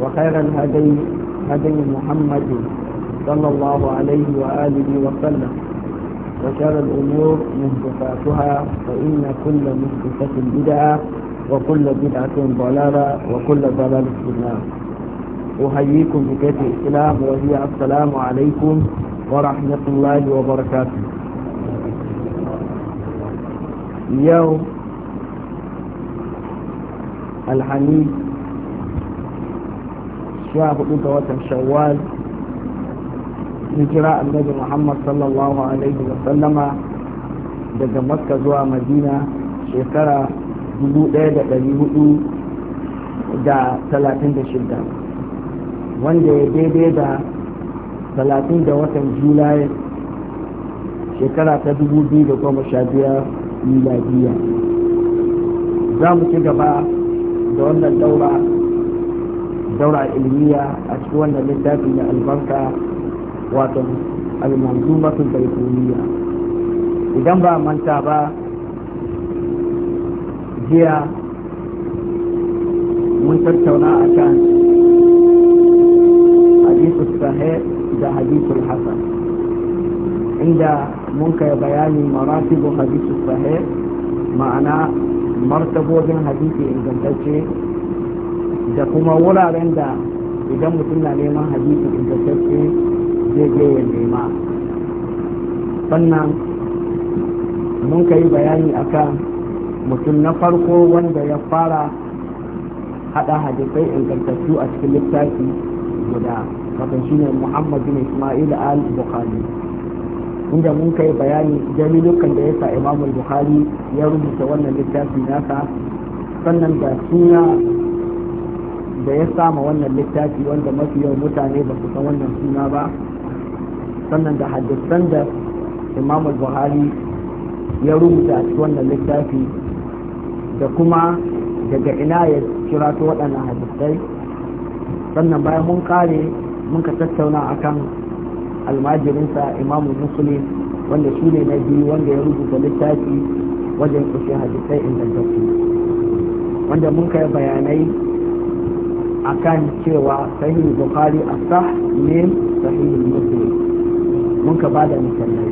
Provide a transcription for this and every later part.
وخير الهدي هدي محمد صلى الله عليه وآله وسلم وشر الأمور مهدفاتها فإن كل مهدفة بدعة وكل بدعة ضلالة وكل ضلالة في النار أحييكم بكيف الإسلام وهي السلام عليكم ورحمة الله وبركاته اليوم الحميد sha hudu ga watan shawwal hijira annabi muhammad sallallahu alaihi wa sallama daga makka zuwa madina shekara 1436 wanda ya daidai da 30 da watan julai shekara ta 2015 miladiya za mu ci gaba da wannan daura الدورة العلمية أشكوان لدى من البركة وطن المنظومة البيتونية إذن با من تابا جيا من تتونا أكان حديث الصحيح ده حديث الحسن عند ممكن بيان مراتب حديث الصحيح معنى مرتبه من حديث إذن تجيه da kuma wuraren da idan mutum na neman hadisi ingantacce zai je ya nema sannan mun ka yi bayani akan mutum na farko wanda ya fara hada hadisai ingantattu a cikin littafi guda kafin shine ne bin ismail al bukhari inda mun kai bayani jami'ukan da ya sa imamul bukhari ya rubuta wannan littafi nasa sannan da suna da ya sama wannan littafi wanda mafi yawan mutane ba su san wannan suna ba sannan da hadisan da imam buhari ya rubuta a wannan littafi da kuma daga ina ya kira ta waɗannan hadisai sannan bayan mun kare mun ka tattauna akan almajirinsa imamu muslim wanda shi ne na biyu wanda ya rubuta littafi wajen kushe hadisai ingantattu wanda mun kai bayanai akan cewa sahih bukhari asah ne sahih muslim mun ka bada misalai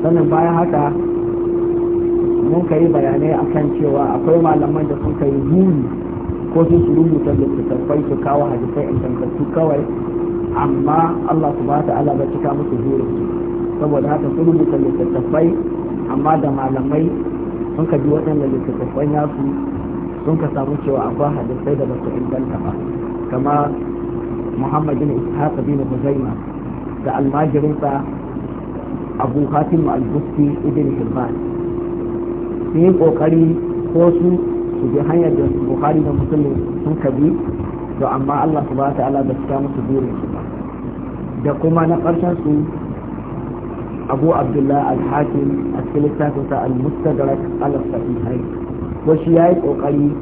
sannan bayan haka mun ka yi bayanai akan cewa akwai malaman da sun kai buri ko sun su rubuta littattafai su kawo hadisai ingantattu kawai amma Allah ba ta'ala bai cika musu burin saboda haka sun rubuta littattafai amma da malamai sun ka bi waɗanda littattafai nasu sun ka samu cewa akwai hadisai da basu inganta ba kama muhammad bin ishaq bin huzaima da almajirinsa abu hatim al-busti ibn hibban su yi kokari ko su su bi hanyar da bukhari da musulmi sun kabi to amma allah subhanahu wa ta'ala ba su ta musu burin su ba da kuma na ƙarshen su abu abdullah al-hakim a cikin littafinsa al-mustadrak al-sahihain wasu shi ya yi ƙoƙari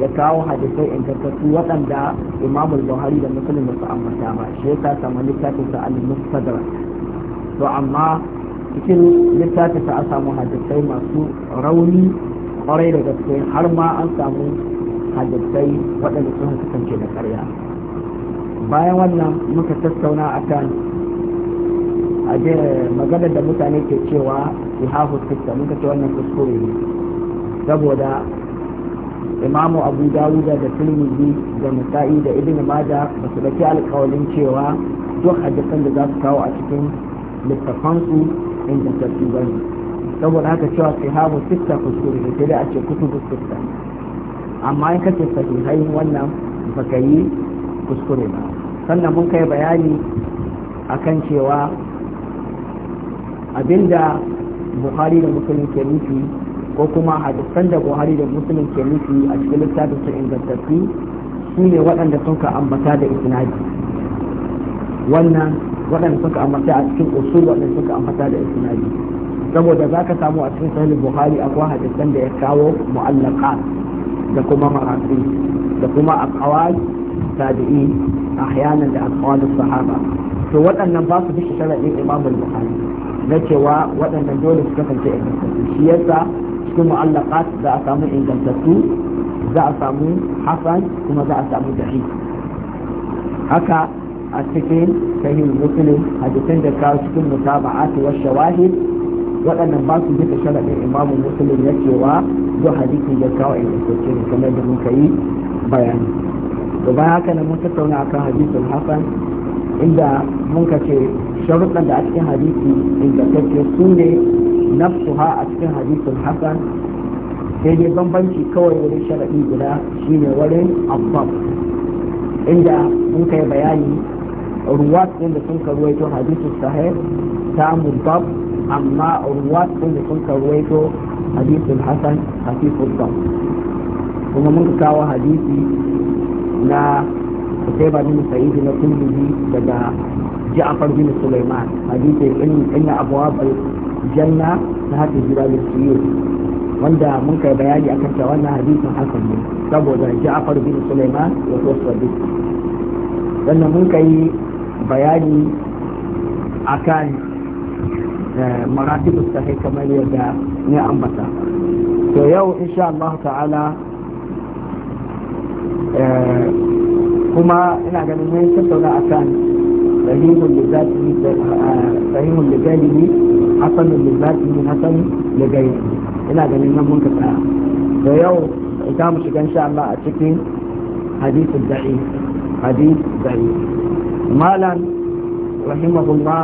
ya kawo hadisai ingantattu waɗanda imamul buhari da musulun da su ambata ba shi yasa samu littafin sa al-mustadrak to amma cikin littafin sa a samu hadisai masu rauni kwarai da gaske har ma an samu hadisai waɗanda sun kasance da ƙarya bayan wannan muka tattauna akan a maganar da mutane ke cewa ihahu sita muka ce wannan kuskure ne saboda imamu abu dawuda da tirmidhi da nasa'i da ibn maja ba su daki alƙawalin cewa duk hadisan da za su kawo a cikin littafansu ingantattu ba ne saboda haka cewa sahabu sitta kuskure da sai a ce kutubu sitta amma in kace sahihai wannan ba ka yi kuskure ba sannan mun kai bayani akan cewa abinda buhari da musulun ke nufi ko kuma hadisan da buhari da musulun ke nufi a cikin littafin su ingantattu su ne waɗanda sun ka ambata da isnadi wannan waɗanda sun ka ambata a cikin usul waɗanda sun ka ambata da isnadi saboda za ka samu a cikin sahih buhari akwai hadisan da ya kawo mu'allaqat da kuma marasi da kuma aqwal tabi'i ahyanan da aqwal sahaba to waɗannan ba su bi sharadin imam al-bukhari na cewa waɗannan dole su kasance ingantattu shi yasa akwai mu'allaqat za a samu ingantattu za a samu hasan kuma za a samu da'i haka a cikin sahih muslim hadisan da kawo cikin mutaba'at wa shawahid waɗannan ba su duka sharaɗin imamu muslim ya cewa duk hadisi da kawo ingantacce ne kamar da muka yi bayani to bayan haka nan mun tattauna akan hadisin hasan inda mun ka ce sharuɗan da a cikin hadisi ingantacce su ne nafsuha a cikin hadisin hasan sai dai bambanci kawai wurin sharaɗi guda shine wurin abbab inda mun kai bayani ruwat ɗin da sun karwaito hadisin sahih ta mubab amma ruwat ɗin da sun karwaito hadisin hasan hadisin bab kuma mun kawo hadisi na Kutaiba bin Sa'id na Kullubi daga Ja'far bin Sulaiman hadisi in inna abwab janna ta haka jira da suyu wanda mun kai bayani akan ta wannan hadisin hasan ne saboda Ja'far bin Sulaiman ya tosa duk wannan mun kai bayani akan eh, maratibus sahih kamar yadda ne ambata to yau insha Allah ta'ala eh, kuma ina ganin mun tattauna akan sahihul lizati eh, sahihul lizati hasanun lil zati hasanun li ghairi ina ganin nan mun ka tsaya da yau za mu shiga insha Allah a cikin hadithul da'i hadith da'i malan rahimahullah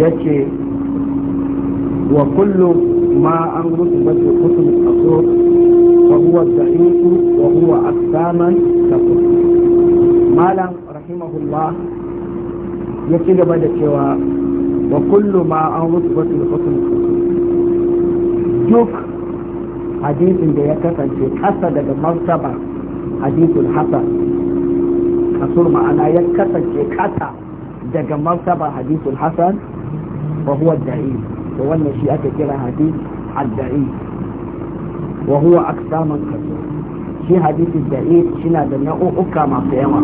yace wa kullu ma an rusubat kutub asur wa huwa da'if wa huwa aksaman kafur malan rahimahullah ya ci gaba da cewa wa kullu ma an rutubatul hukm duk hadisin da ya kasance kasa daga martaba hadisul hasan kasur ma'ana ya kasance kasa daga martaba hadisul hasan wa huwa da'i to wannan shi ake kira hadis ad-da'i wa huwa aksaman kasur shi hadisi da'i na da nau'uka masu yawa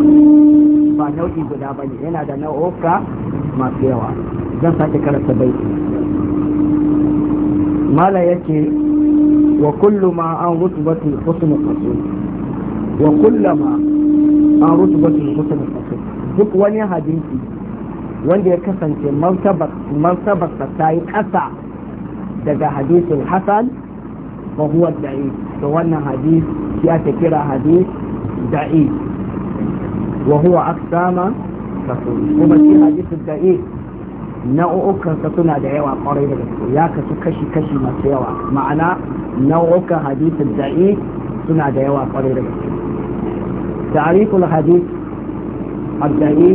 ba nau'i guda bane yana da nau'uka masu yawa zan sake karanta baiti mala yake wa kullu ma an rutubatul husn qasul wa kullama an husn duk wani hadisi wanda ya kasance martabar ta yi ƙasa daga hadisin hasan fa huwa da'i to wannan hadis shi ake kira hadis da'i wa huwa aksama kasu kuma shi hadisin da eh nau'ukansa suna da yawa kwarai da gaske ya kasu kashi-kashi masu yawa ma'ana nau'ukan hadisin da'i suna da yawa kwarai da gaske tariful hadis abda'i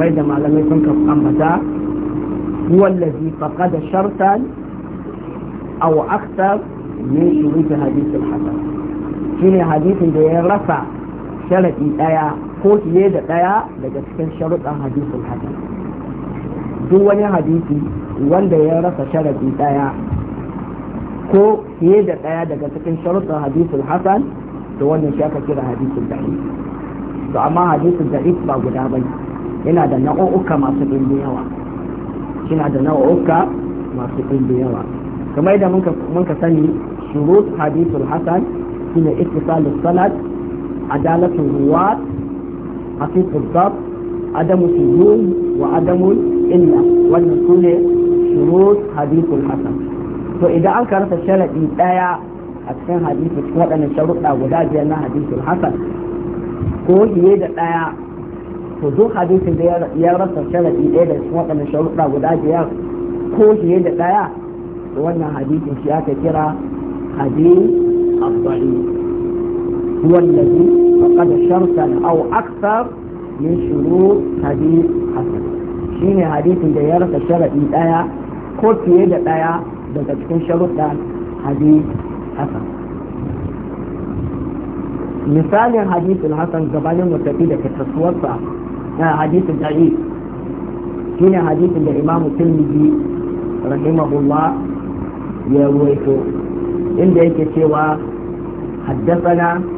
mai da malamai sun kasu ambata wallazi faqada shartan aw akthar min shurut hadis al-hasan shine hadisin da ya rasa sharadi daya ko fiye da ɗaya daga cikin sharuɗan hadisin hasan duk wani hadisi wanda ya rasa sharaɗi ɗaya ko fiye da ɗaya daga cikin sharuɗan hadisin hasan to wannan shi aka kira hadisin da'if to amma hadisin da'if ba guda ba yana da nau'uka masu ɗimbin yawa yana da nau'uka masu ɗimbin yawa kamar yadda mun ka sani shurut hadisul hasan shine ittisalus sanad adalatul ruwat haqiqul zab adamu sujud wa adamul illa wannan sune shurut hadithul hasan to idan an karanta sharadi daya a cikin hadisi cikin waɗannan sharuɗa guda biyar na hadithul hasan ko fiye da daya to duk hadisin da ya rasa sharadi daya da cikin waɗannan sharuɗa guda biyar ko fiye da daya wannan hadisin shi aka kira hadith abdali هو الذي فقد شرطا أو أكثر من شروط حديث حسن شيني حديث da ya rasa sharaɗi ɗaya ko fiye da ɗaya daga cikin sharuɗan hadith hasan misalin hadithin hasan gabanin mu da kasasuwarsa na hadithin da'i shine hadithin da imamu tirmidhi rahimahullah ya ruwaito inda yake cewa حدثنا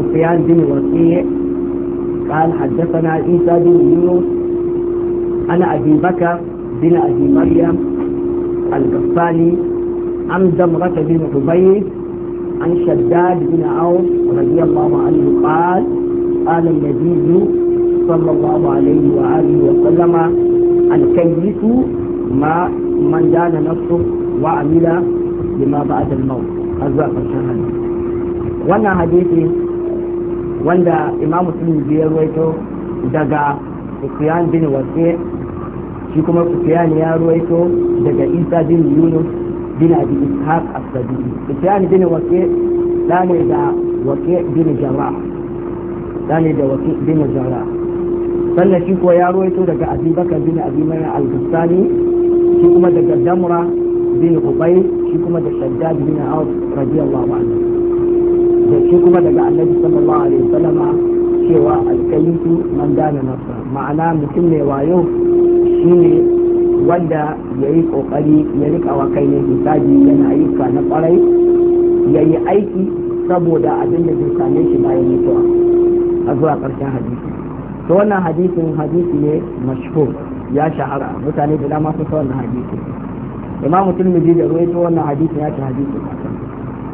سفيان بن وكيع قال حدثنا عيسى بن يونس عن أبي بكر بن أبي مريم القفالي عن زمرة بن حبيب عن شداد بن عوف رضي الله عنه قال قال النبي صلى الله عليه وآله وسلم الكيس ما من دان نفسه وعمل لما بعد الموت أزواج الشهادة وانا حديثي wanda imam muslim biyar ruwaito daga sufyan bin wasi shi kuma sufyan ya ruwaito daga isa bin yunus bin abi ishaq as-sabi'i sufyan bin wasi dane da wasi bin jarrah dane da wasi bin jarrah sannan shi ko ya ruwaito daga abubakar bin abi mai al-bustani shi kuma daga damra bin ubay shi kuma da shaddad bin awf radiyallahu anhu zance kuma daga annabi sallallahu alaihi wasallama cewa alkayyitu man dana nafsa ma'ana mutum mai wayo shine wanda ya yi kokari ya rika wa kai ne hisabi yana ayyuka na kwarai ya yi aiki saboda abin da zai same shi bayan mutuwa a zuwa karshen hadisi to wannan hadisin hadisi ne mashhur ya shahara mutane da dama sun wannan hadisi imam mutum da ruwaito wannan hadisin ya ce hadisi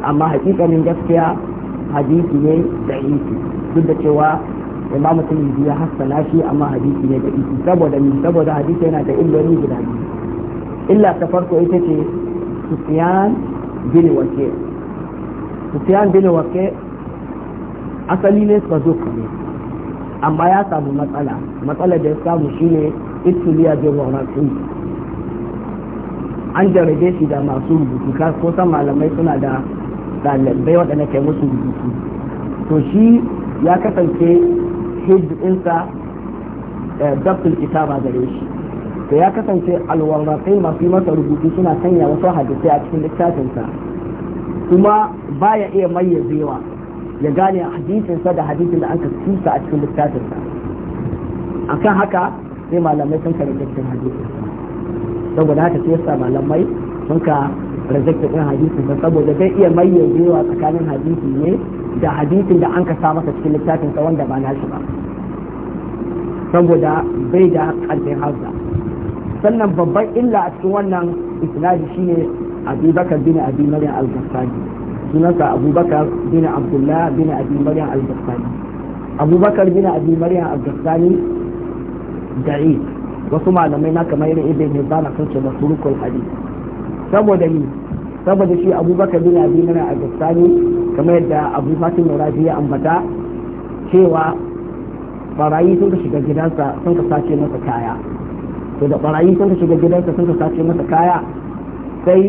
amma hakikanin gaskiya hadisi ne da isi duk da cewa mutum yi ya hassana shi amma hadisi ne da isi saboda ni saboda hadisi yana da illoli guda biyu illa ta farko ita ce sufyan bin wake sufyan bin wake asali ne zo kare amma ya samu matsala matsalar da ya samu shine ittuliya bin warasi an jarabe shi da masu rubutu ko san malamai suna da ɗalibai waɗanda kai musu rubutu to shi ya kasance hijinsa eh, dabtul kitaba gare shi to ya kasance alwarraƙai masu yi masa rubutu suna sanya wasu hadisai a cikin littafinsa kuma baya iya mayyazewa ya gane hadisinsa da hadisin da aka tusa a cikin littafinsa A kan haka sai malamai sun karɓi cikin hadisinsa saboda haka sai yasa malamai sun ka rejected ɗin hadisi ba saboda zai iya mayyazewa tsakanin hadisi ne da hadisin da an ka sa masa cikin littafin sa wanda ba nashi ba saboda bai da ƙarfin hausa sannan babban illa a cikin wannan isnadi shine abubakar bin abi maryam al-gassani sunansa abubakar bin abdullah bin abi maryam al-gassani abubakar bin abi maryam al-gassani da'i wasu malamai na kamar irin ibn hibban sun ce masrukul hadith saboda ni saboda shi abubakar bin abi mana a gaskani kamar yadda abu fatin rafi ya ambata cewa barayi sun ka shiga gidansa sun ka sace masa kaya to da barayi sun ka shiga gidansa sun ka sace masa kaya sai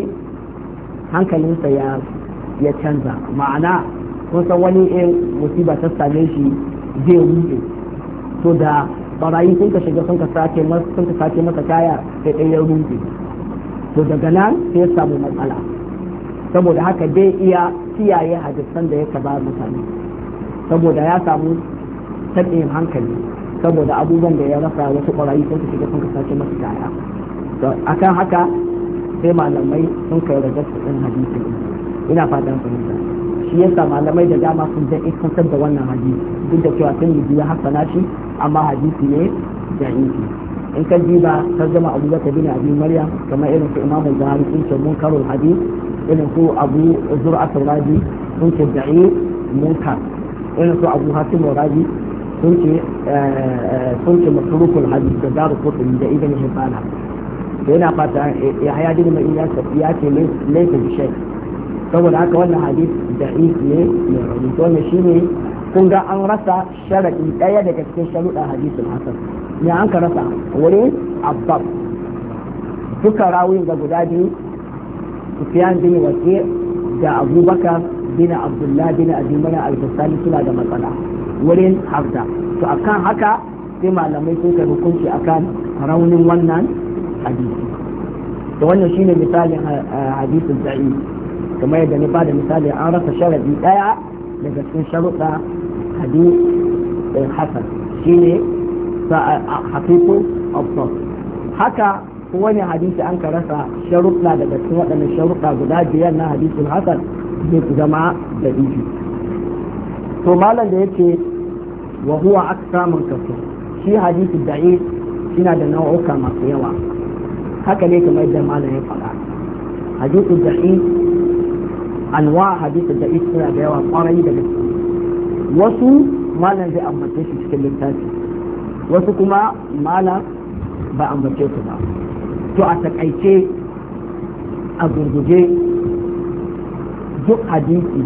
hankalinsa ya ya canza ma'ana kun san wani in musiba ta same shi zai rufe to da barayi sun ka shiga sun ka sace masa kaya sai ɗaya ya rufe to daga nan sai ya samu matsala saboda haka dai iya kiyaye hadisan da ya ba mutane saboda ya samu taɓin hankali saboda abubuwan da ya rasa wasu ƙwararri sun shiga sun sace masu kaya akan haka sai malamai sun kai da gaske ɗin hadisi ina fatan fahimta shi yasa malamai da dama sun in ikantar da wannan hadisi duk da cewa sun yi biya hasana shi amma hadisi ne jami'i in ka diba tarjama abu zaka bin abin maryam kamar irin su imamu zahari sun ce munkarul hadith irin su abu zur'atul rabi sun ce da'i munkar irin su abu hatim rabi sun ce eh, sun ce masruful hadith da daru kutub da ibn hibana to yana fata eh, ya haya dinu mai ya ya ce laifin shay saboda haka wannan hadith da'if ne mai rauni to ne shine kun ga an rasa sharadi daya daga cikin sharuɗa hadisin hasan ne an ka rasa wuri abbab duka rawin ga guda biyu sufyan bin wasi da abubakar bin abdullah bin azimana al bustani suna da matsala wurin hafda to akan haka sai malamai sun kai hukunci akan raunin wannan hadisi to wannan shine misalin hadisin da'i kamar yadda ni ba da misali an rasa sharadi daya daga cikin sharuɗa hadith hasan shine haqiqu absat haka wani hadisi an ka rasa sharuɗa daga cikin waɗannan sharuɗa guda biyar na hadisin hasan zai zama da ishi to malam da yake wa huwa aksamun kafin shi hadisi da'i yana da nau'uka masu yawa haka ne kamar yadda malam ya faɗa hadisi da'i anwa hadisi da'i suna da yawa kwarai da gaske wasu malam zai ambace shi cikin littafi wasu kuma malam ba ambace su ba to a takaice a gurguje duk hadisi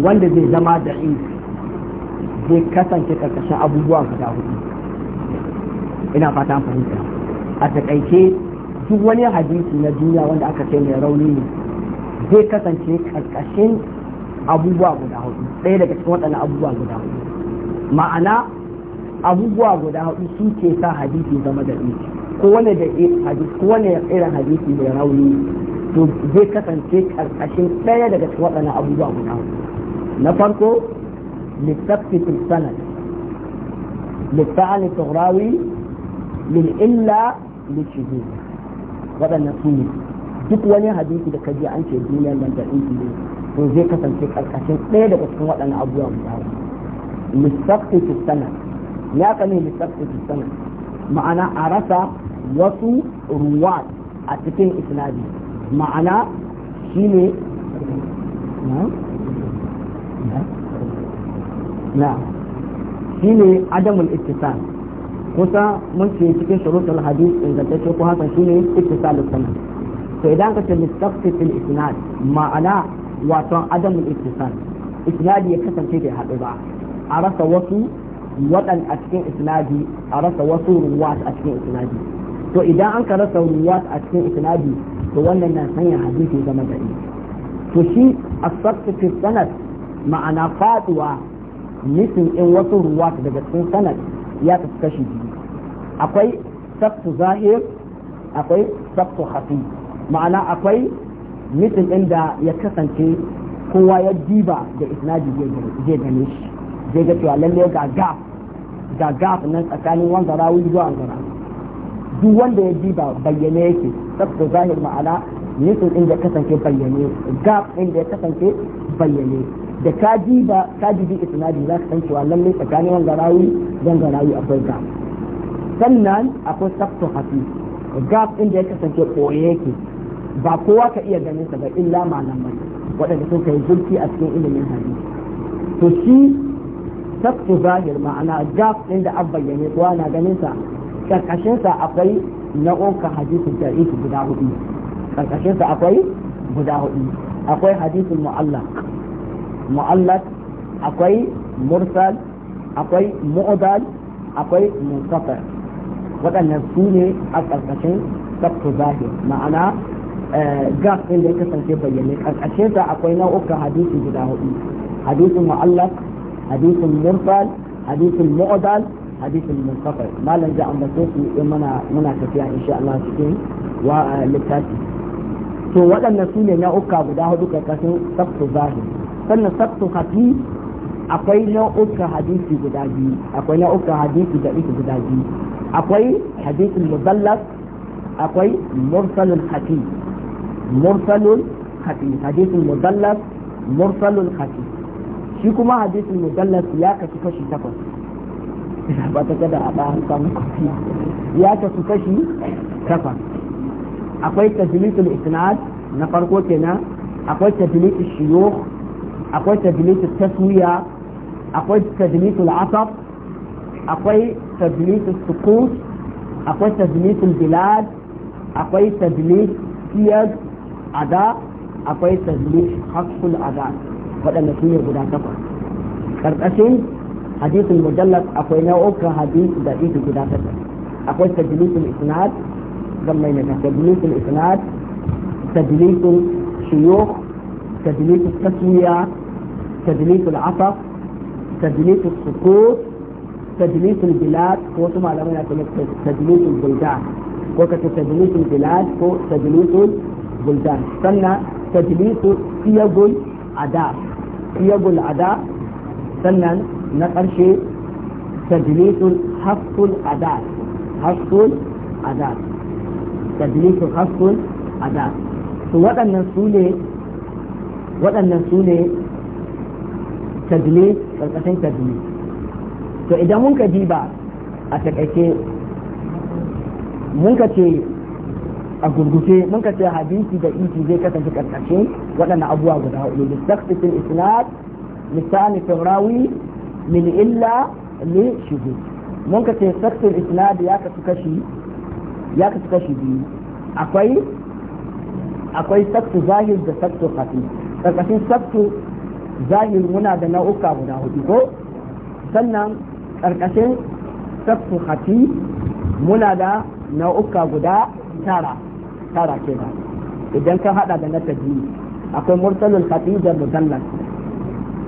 wanda zai zama da zai kasance karkashin abubuwa guda hudu ina fata fahimta a takaice duk wani hadisi na duniya wanda aka ce mai rauni ne zai kasance karkashin abubuwa guda hudu ɗaya daga cikin waɗannan abubuwa guda hudu ma'ana abubuwa guda hudu su ke sa hadisi zama da ɗin ko wani da hadisi ko wani irin hadisi mai rauni to zai kasance karkashin ɗaya daga cikin waɗannan abubuwa guda hudu na farko للثبت السند للفعل الصغراوي للإلا للشذوذ waɗannan su ne duk wani hadisi da kaji an ce duniyar nan da ɗinki ne to zai kasance karkashin ɗaya daga cikin waɗannan abubuwa guda uku lissafi sana ya kame lissafi sana ma'ana a rasa wasu ruwa a cikin isnadi ma'ana shi ne na shi ne adamul ittisal kusa mun ce cikin shurutul hadis in ingantacce ko shi ne ittisalus sanad to idan ka ce lissafi fil isnad ma'ana wato adamul ittisal isnadi ya kasance bai haɗu ba a rasa wasu waɗan a cikin isnadi a rasa wasu ruwat a cikin isnadi to idan an ka rasa ruwat a cikin isnadi to wannan na sanya hadisi zama gari to shi asabtu fi sanad ma'ana faduwa nisin in wasu ruwat daga cikin sanad ya tafi kashi biyu akwai sabtu zahir akwai sabtu hafi ma'ana akwai mitin inda ya kasance kowa ya diba da isnadi zai gane shi zai ga cewa lalle ga gaf ga gaf nan tsakanin wanda rawi zuwa an gara duk wanda ya diba bayyane yake saboda zahir ma'ana mitin inda ya kasance bayyane gaf inda da ya kasance bayyane da ka diba ka dibi isnadi za ka san cewa lalle tsakanin wanda rawi rawu rawi akwai gaf sannan akwai sabtu hafi gaf inda da ya kasance koye yake ba kowa ka iya ganin sa ba illa malamai waɗanda sun kai zurfi a cikin ilimin hadisi to shi zahir ma'ana gaf din da an bayyane kowa na ganin sa karkashin sa akwai na'uka hadisin da'ifi guda hudu karkashin sa akwai guda hudu akwai hadisin mu'allaq mu'allaq akwai mursal akwai mu'dal akwai munqata waɗannan su ne a karkashin sabtu zahir ma'ana Eh, gas ɗin da ya kasance bayyane ƙarƙashin sa akwai nau'ukan hadisi guda hudu hadisin mu'allaq hadisin mursal hadisin mu'dal hadisin munqati malam da ambace su in muna muna tafiya insha Allah cikin wa eh, littafi to waɗannan su ne nau'uka guda hudu ƙarƙashin sabtu zahir sannan sabtu hafi akwai nau'ukan hadisi guda biyu akwai nau'ukan hadisi da ita guda biyu akwai hadisin muzallas akwai mursalul hafi mursalul khati hadisin mudallas mursalul khati shi kuma hadisin mudallas ya kasu kashi takwas ba ta kada takwas akwai tajlisul isnad na farko kenan akwai tajlisul shuyukh akwai tajlisul taswiya akwai tajlisul asab akwai tajlisul sukut akwai tajlisul bilad akwai ada akwai tazlif haqqul ada waɗanda su ne guda takwas karkashin hadisin mujallas akwai nau'ukan hadis da ita guda takwas akwai tajlisul isnad zan mai na tajlisul isnad tajlisul shuyukh tajlisul tasmiya tajlisul asaf tajlisul sukut tajlisul bilad ko su malamai na tajlisul buldan ko ka tajlisul bilad ko tajlisul buldan sannan tajlisu siyagul ada siyagul ada sannan na ƙarshe tajlisul haskul ada haskul ada tajlisul haskul ada to waɗannan su ne waɗannan su ne tajlis ƙarƙashin tajlis to idan mun ka diba a taƙaice mun ka ce a gurguje mun ka ce hadisi da inji zai kasance karkashe waɗannan abubuwa guda hudu da saktifin isnad misali sani firawi min illa li shuhud mun ka ce saktifin isnad ya kasu kashi ya kasu kashi biyu akwai akwai saktu zahir da saktu khafi karkashin saktu zahir muna da nau'uka guda hudu ko sannan karkashin saktu khafi muna da nau'uka guda tara tara kenan idan ka hada da na tajwid akwai mursalul khatijar mudallas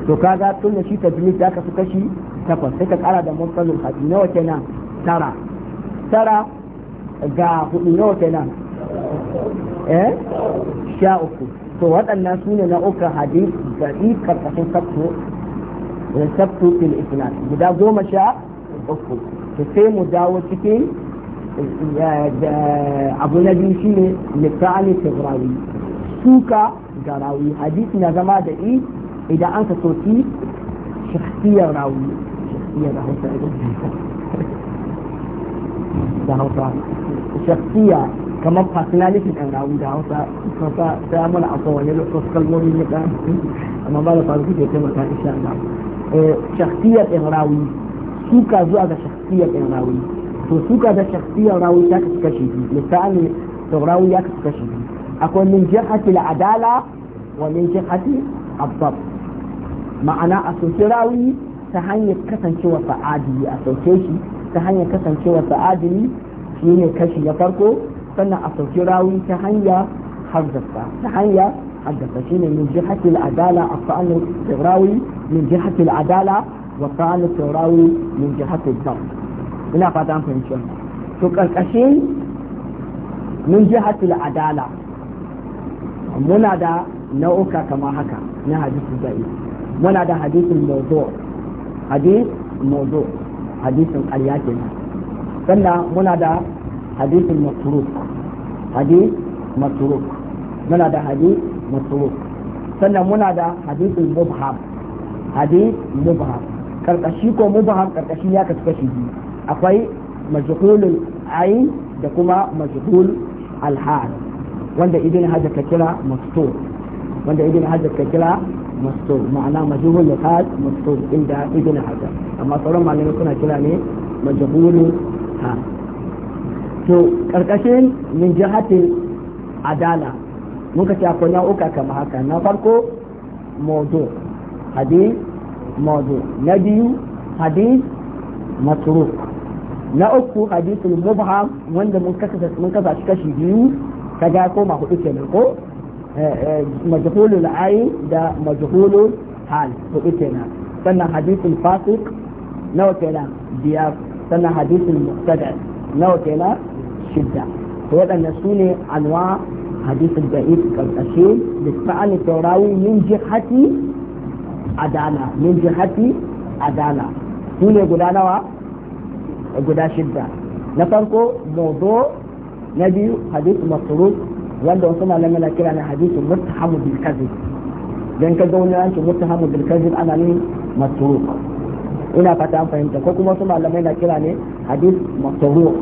to kaga tun da shi tajwid da ka su kashi takwas sai ka kara da mursalul khatijar nawa kenan tara tara ga hudu nawa kenan eh sha uku to waɗannan su ne na uku hadis da karkashin sabtu eh, sabtu fil islam guda goma sha uku to sai mu dawo cikin أبونا جنشي لفعلي تغراوي سوكا غراوي حديث نظمة دعي إذا أنت توتي شخصية راوي شخصية راوي دهوتا شخصية كما فاسنالي في الأنراوي دهوتا فتا تعمل عطوان يلو تسخ المومي لك أما بعد فارغة يتم إن شاء الله إيه، شخصية إغراوي سوكا هذا شخصية إغراوي to su ga da shakhsiyar rawi ta kasu kashi biyu misalin rawi ya kasu kashi biyu akwai min jihati adala wa min jihati abdab ma'ana a soke rawi ta hanyar kasancewa sa'adili a soke shi ta hanyar kasancewa sa'adili shi ne kashi na farko sannan a soke rawi ta hanyar harzasta ta hanyar haddasa shi ne min jihati al'adala a sa'anin rawi min jihati al'adala wa sa'anin rawi min jihati al ina fata an fahimci wannan to karkashin mun jihatul adala muna da nau'uka kama haka na hadisi da'i muna da hadisin mawdu hadis mawdu hadisin ƙarya kenan sannan muna da hadisin matruk hadis matruk muna da hadis matruk sannan muna da hadisin mubham hadis mubham karkashi ko mubham karkashi ya kasu kashi biyu akwai majhulul ayn da kuma majhul alhal wanda ibn hajar ka kira mastur wanda ibn hajar ka kira mastur ma'ana majhul alhal mastur inda ibn hajar amma sauran malamai suna kira ne majhul ha to karkashin min jihatin adala muka ce akwai nau'uka kamar haka na farko mawdu hadith mawdu na biyu hadith matruk na uku hadisul mubham wanda mun kasa mun kasa shi kashi biyu kaga koma hudu kenan ko eh, eh, majhulul ayn da majhulul hal hudu kenan sannan hadisul fasiq nawa kenan biyar sannan hadisul muqtada nawa kenan shidda to waɗannan su ne anwa hadithul da'if karkashe da sa'ani taurawi min jihati adala min jihati adala su ne guda nawa guda shidda na farko mawdu na biyu hadithu masruf wanda wasu malamai na kira na hadithu muttahamu bil kadhib dan ka wani an ce muttahamu bil kadhib ana ne masruf ina fata an fahimta ko kuma wasu malamai na kira ne hadith masruf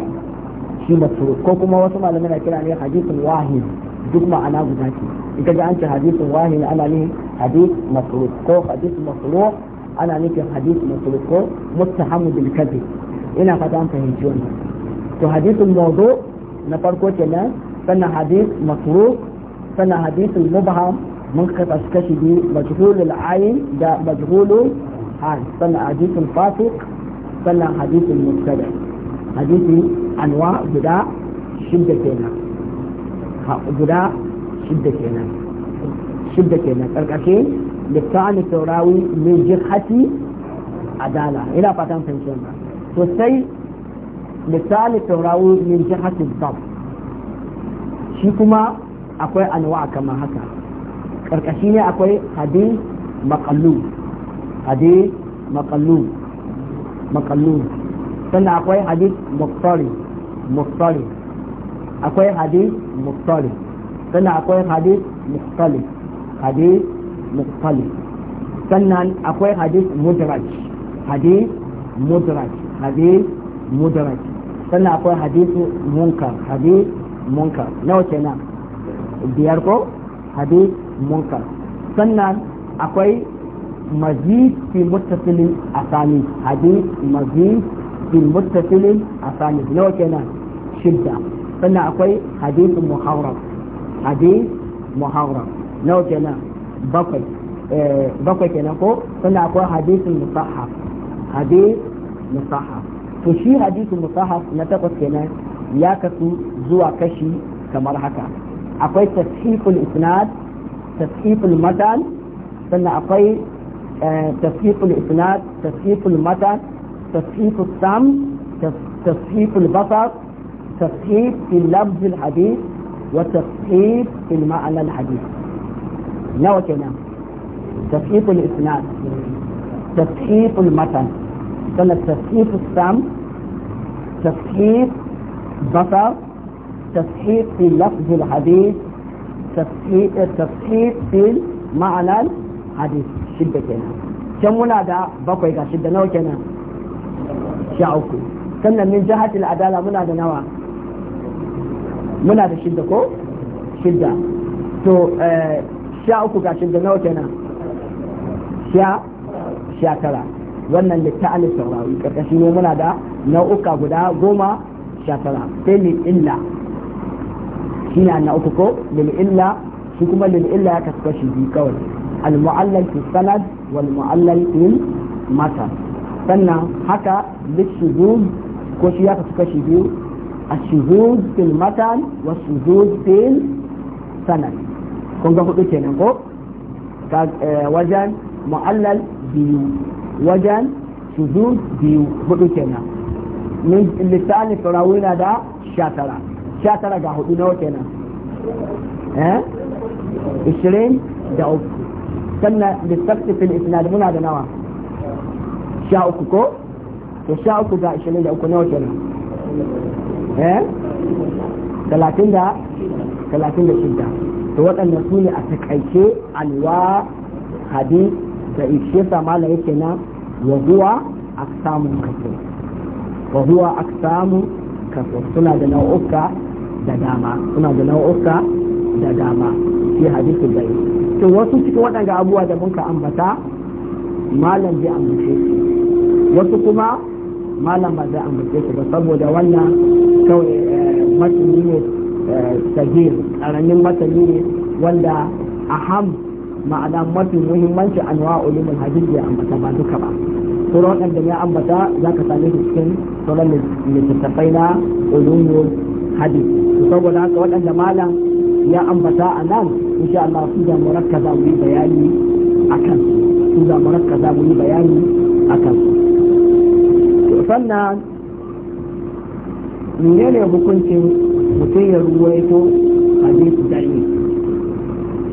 shi masruf ko kuma wasu malamai na kira ne hadithul wahid duk ma'ana guda ce in ka ji an ce hadithul wahid ana ne hadith masruf ko hadith masruf ana nufin hadith masruf ko muttahamu bil kadhib ina fata an fahimci wannan to hadisin mawdu na farko kenan sannan hadis masruq sannan hadisin mubham mun ka su kashi biyu majhulul ayin da majhulul hal sannan hadisin fasik sannan hadisin mubtada hadisi anwa guda shidda kenan ha guda shidda kenan shidda kenan karkashin littafin taurawi min jihati adala ina fatan fahimci wannan to sai misali taurawo min jihatin sab shi kuma akwai anwa kamar haka karkashi ne akwai hadi makallu hadi makallu makallu sannan akwai hadi muktari muktari akwai hadi muktari sannan akwai hadi muktali hadi muktali sannan akwai hadi mudraj hadi mudraj hadith mudaraj sannan akwai hadithu munkar hadith munkar nawa kenan biyar ko hadith munkar sannan akwai mazid fi muttasilin asani hadith mazid fi muttasilin asani nawa kenan shidda sannan akwai hadith muhawrab hadith muhawrab nawa kenan bakwai eh, bakwai kenan ko sannan akwai hadithin musahhaf hadith musahaf to shi hadisin musahaf na takwas kenan ya kasu zuwa kashi kamar haka akwai tashiful isnad tashiful matan sannan akwai eh, tashiful isnad tashiful matan tashiful sam tashiful basar tashif fi lafz al-hadith wa tashif fi ma'ana al-hadith nawa kenan tashiful matan لك تصحيف السم تصحيف بصر تصحيف في لفظ الحديث تصحيف تصحيف في معنى الحديث شدة كنا كم منادى بقوي كشدة نو كنا شعوكو كنا من جهة العدالة منادى نوع منادى شدة كو شدة تو شعوكو كشدة نو كنا شا شاكرا wannan litta'al saurawi karkashi ne muna da nau'uka guda goma sha tara sai lil illa shi na na uku ko lil illa shi kuma lil illa ya kasu kashi biyu kawai al mu'allal fi sanad wal mu'allal fi matan sannan haka lil shuzuz ko shi ya kasu kashi biyu الشذوذ في المتن والشذوذ في السند kun ga hudu kenan ko eh, wajen mu'allal biyu wajen sujud biyu hudu kenan min lissani firawuna da shatara. Shatara ga hudu nawa kenan eh ishirin da uku sannan lissafi fil isnad muna da nawa sha uku ko to sha uku ga ishirin da uku nawa kenan eh talatin da talatin da shida to waɗannan su ne a takaice alwa hadis da ishe sa mala yake na wa huwa aksamun kafir wa huwa aksamun kafir suna da nau'uka da dama suna da nau'uka da dama shi hadisi bai to wasu cikin abubuwa da mun ka ambata malam bai ambace su wasu kuma malam ba zai ambace su ba saboda wannan kawai eh, matani ne eh, sagir karamin matani ne wanda aham ma'ana mafi muhimmanci anwa ulumul hadith ya ambata ba duka ba sauran waɗanda ya ambata za ka same su cikin sauran littattafai na ulumul hadith saboda haka waɗanda malam ya ambata a nan insha Allah su da za mu yi bayani akan su da za mu yi bayani akan sannan ne hukuncin mutum ya ruwaito hadith da'i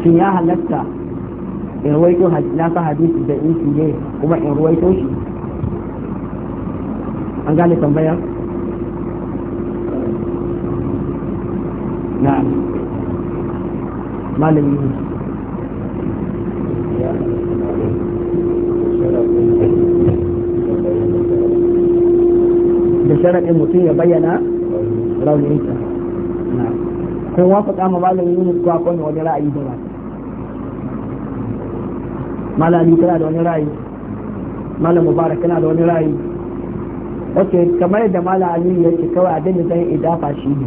shin ya halatta in ruwaito na fa hadisi da in shi ne kuma in ruwaito shi an gane tambaya na malami da sharaɗin mutum ya bayyana rauninsa na kun wafa kama malamin yunus kwakwani wani ra'ayi da wata malami kana da wani ra'ayi malam mubarak kana da wani ra'ayi ok kamar yadda malam Ali ya ce kawai a da zai idafa shi ne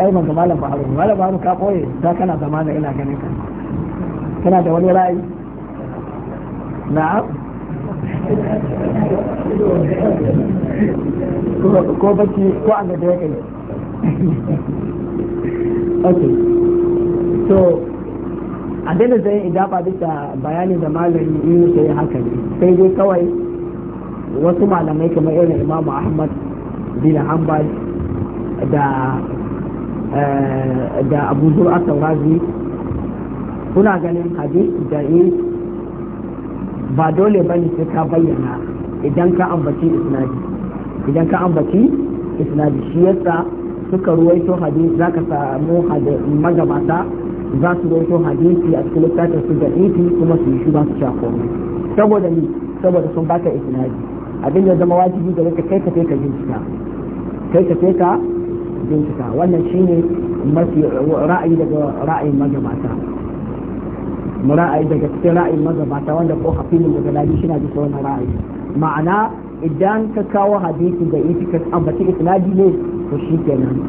ai ban ga malam faharu malam faharu ka koye za kana zama da ina ganin ka kana da wani ra'ayi na'am ko baki ko an da ya kai ok so a daina zai idafa bisa bayanin da malami in ya haka ne sai dai kawai wasu malamai kamar irin imam ahmad bin hanbal da eh, da abu zura suna ganin hadisi da ba dole bane sai ka bayyana idan ka ambaci isnadi idan ka ambaci isnadi shi yasa suka ruwaito hadisi zaka samu magabata za su rawaito hadisi a cikin littafin su da kuma su yi shi su sha saboda ni saboda sun baka isnadi abin da zama wajibi da ka kai ka kai ka bincika kai ka kai ka bincika wannan shine mafi ra'ayi daga ra'ayin magabata ra'ayi daga cikin ra'ayin magabata wanda ko hafilin daga ladi shi na bisa wannan ra'ayi ma'ana idan ka kawo hadisi da ita ka ambaci isnadi ne to shi kenan